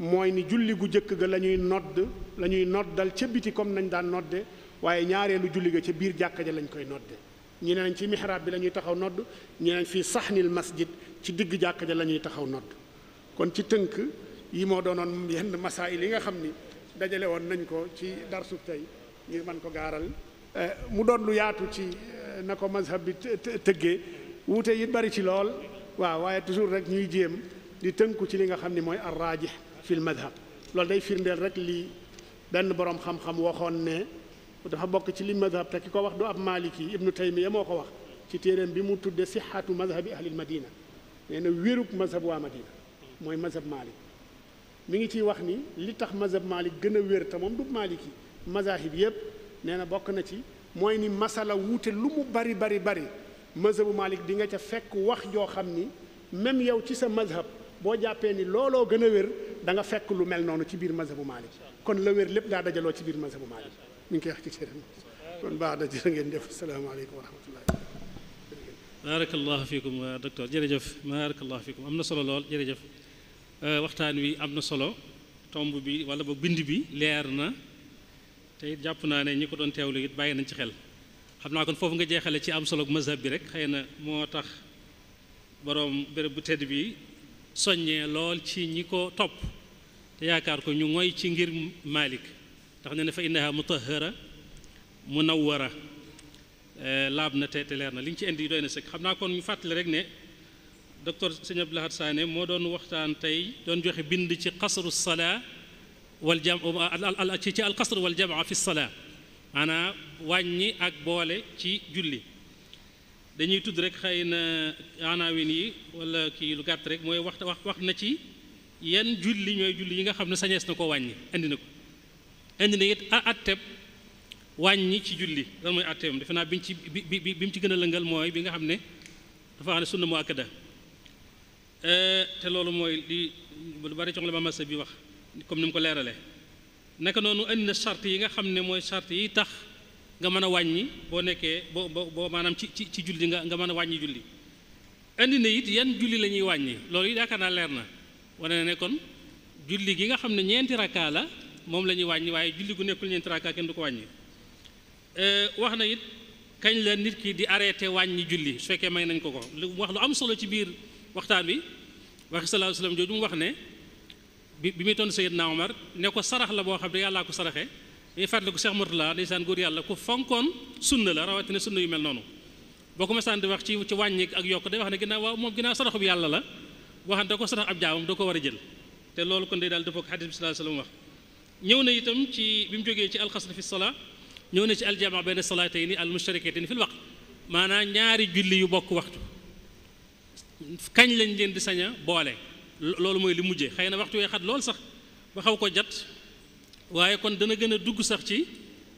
mooy ni julli gu jëkk ga la ñuy nodd lañuy noddal ca biti comme nañ daan nodde waaye ñaareelu julli ga ca biir jàkka ja lañ koy nodde ñu ne nañ ci bi la taxaw nodd ñu ne nañ fii saxnil masjid ci digg jàkka ja la ñuy taxaw nodd kon ci tënk yi moo doonoon yenn masaayil yi nga xam ni dajalewoon nañ ko ci darsu tey ngir man ko gaaral eh, mu doon lu yaatu ci eh, na ko mazhab bi tëggee wuute yi bari ci lool waaw waaye toujours rek ñuy jéem di tënku ci li nga xam ni mooy ar raajih fil madhab loolu day firndeel rek li benn boroom xam-xam waxoon ne dafa bokk ci li madhab te ki ko wax du ab maliki ibnu taymiya moo ko wax ci téeréem bi mu tudde sixatu madhabi ahlil madina nee na wérug mazhab waa madina mooy mazhab malik mi ngi ciy wax ni li tax mazhab malik gën a wér te moom du maliki mazahib yépp nee na bokk na ci mooy ni masala wuute lu mu bari bari bari mazhabu Malik di nga ca fekk wax joo xam ni même yow ci sa mazhab boo jàppee ni looloo gën a wér da nga fekk lu mel noonu ci biir mazhabu Malik kon la wér lépp daa dajaloo ci biir mazhabu Malik mi ngi koy wax ci cëram kon baax na jërë ngeen def asalaamaaleykum wa rahmatullahi fiikum euh, jërëjëf baarakallahu fiikum am na solo lool jërëjëf euh, waxtaan wi am na solo tomb bi wala ba bind bi leer na te jàpp naa ne ñi ko doon teewlu it bàyyi nañ ci xel xam naa kon foofu nga jeexale ci am solo mazhab bi rek xëy na moo tax boroom béréb bu tedd bi soññee lool ci ñi ko topp te yaakaar ko ñu ngoy ci ngir Maalik ndax ne na fa innaha mutahara munawwara eh, laab na te te leer na li ñu ci indi doy na sëkk xam naa kon ñu fàttali rek ne docteur sëñ Abdou Lahad moo doon waxtaan tey doon joxe bind ci xasru salaa wal jam uh, ci ci alqasr wal jamaa fi salaa maanaam wàññi ak boole ci julli dañuy tudd rek xëy na anawin yi wala kii lu gàtt rek mooy wax wax wax na ci yan julli ñooy julli yi nga xam ne sañees na ko wàññi indi na ko indi na it atteb wàññi ci julli lan mooy atteem defe naa bi ci bi mu ci gën a lëngal mooy bi nga xam ne dafa xam ne sunna mu akkada euh, te loolu mooy li lu bari cox la ma bi wax comme ni mu ko leerale naka noonu indi na sart yi nga xam ne mooy sart yi tax nga mën a wàññi boo nekkee boo boo maanaam ci ci ci julli nga nga mën a wàññi julli indi na it yan julli la ñuy wàññi loolu it yaakaar naa leer na wane na ne kon julli gi nga xam ne ñeenti rakkaa la moom la ñuy wàññi waaye julli gu nekkul ñeenti rakkaa kenn du ko wàññi euh, wax na it kañ la nit ki di arrêté wàññi julli su fekkee may nañ ko ko lu wax lu am solo ci biir waxtaan bi waxi sallallahu alayhi wax ne bi bi muy tontu Seydina Omar ne ko sarax la boo xam ne yàllaa ko saraxe saraxee dañuy fàttali ko Cheikh Mourtala ndeysaan góor yàlla ku fonkoon sunna la rawatina sunna yu mel noonu boo ko masaan di wax ci ci wàññi ak yokk day wax ne ginnaaw waaw moom ginnaaw saraxu bi yàlla la boo xam ne da ko sarax ab jaamam da ko war a jël te loolu kon day daal dëppoo ak xadis bi sallallahu alayhi wasallam wax ñëw na itam ci bi mu jógee ci alxasr fi sola ñëw na ci aljamaa benn salaatayni al mustarikatayni fil waqt maanaam ñaari julli yu bokk waxtu lañ leen di sañ a boole loolu mooy li mujjee xëy na waxtu wee xat lool sax ba xaw ko jat waaye kon dana gën a dugg sax ci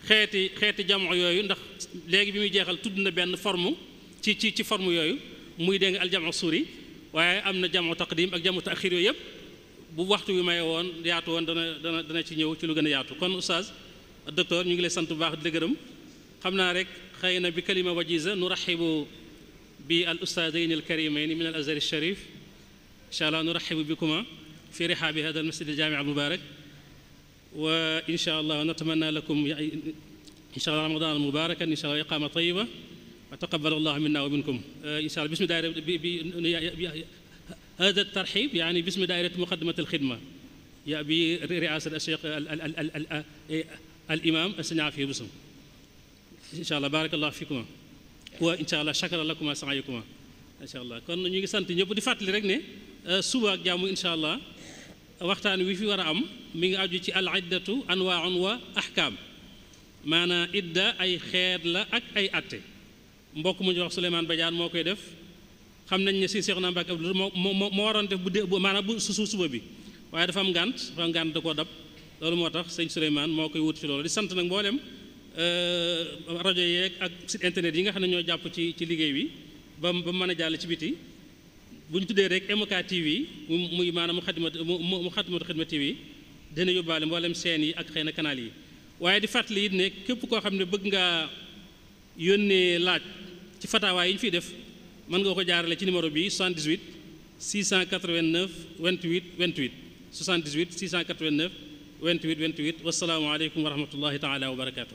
xeeti xeeti jamono yooyu ndax léegi bi muy jeexal tudd na benn forme ci ci ci forme yooyu muy dégg al jamono suuri waaye am na jamono taqdim ak jamono taxir yooyu yëpp bu waxtu bi maye woon yaatu woon dana dana dana ci ñëw ci lu gën a yaatu kon oustaz docteur ñu ngi lay sant baax di gërëm xam naa rek xëy na bi kalima wajiza nuraxibu bi al ustazayn al karimayn min al azhar al sharif insha allah nuraxibu bikuma fi rihaabi hada almasjid aljaami almubaarak wa insha allah natamanna lakum insha allah ramadan mubarakan insha allah iqama tayiba wa taqabbal allah minna wa minkum insha allah bismi daayira bi hada tarxib yaani bismi daayirati muqaddimat alxidma ya bi riasat alcheikh alimam sëñ Afiya Buso insha allah barakallah fikuma wa insha allah shakara lakuma saayikuma insha allah kon ñu ngi sant ñëpp di fàttali rek ne Euh, suba ak jàmm incha allah waxtaan wi fi war a am mi ngi aju ci al iddatu anwaaun wa ahkaam maanaam idda ay xeet la ak ay atte mbokk mu ñu wax Souleymane moo koy def xam nañ ne si Cheikh Namba ak Abdoul moo moo waroon def bu dee maanaam bu su suba bi waaye dafa am ngànt dafa am ngànt da koo dab loolu moo tax sëñ Souleymane moo koy wut ci loolu di sant nag mboolem euh, rajo yeeg ak site internet yi nga xam ne ñoo jàpp ci ci liggéey bi ba ba mën a jàll ci biti bu ñu tuddee rek MK TV muy maanaam mu xadimatu mu xadimatu xidma TV dina yóbbaale mboolem seen yi ak xëy na canal yi waaye di fàttali it ne képp koo xam ne bëgg ngaa yónnee laaj ci fatawaa yi ñu fiy def mën nga ko jaarale ci numéro bi 78 689 28 28 78 689 28 28 wasalaamualeykum wa rahmatullahi taala wa barakaatu.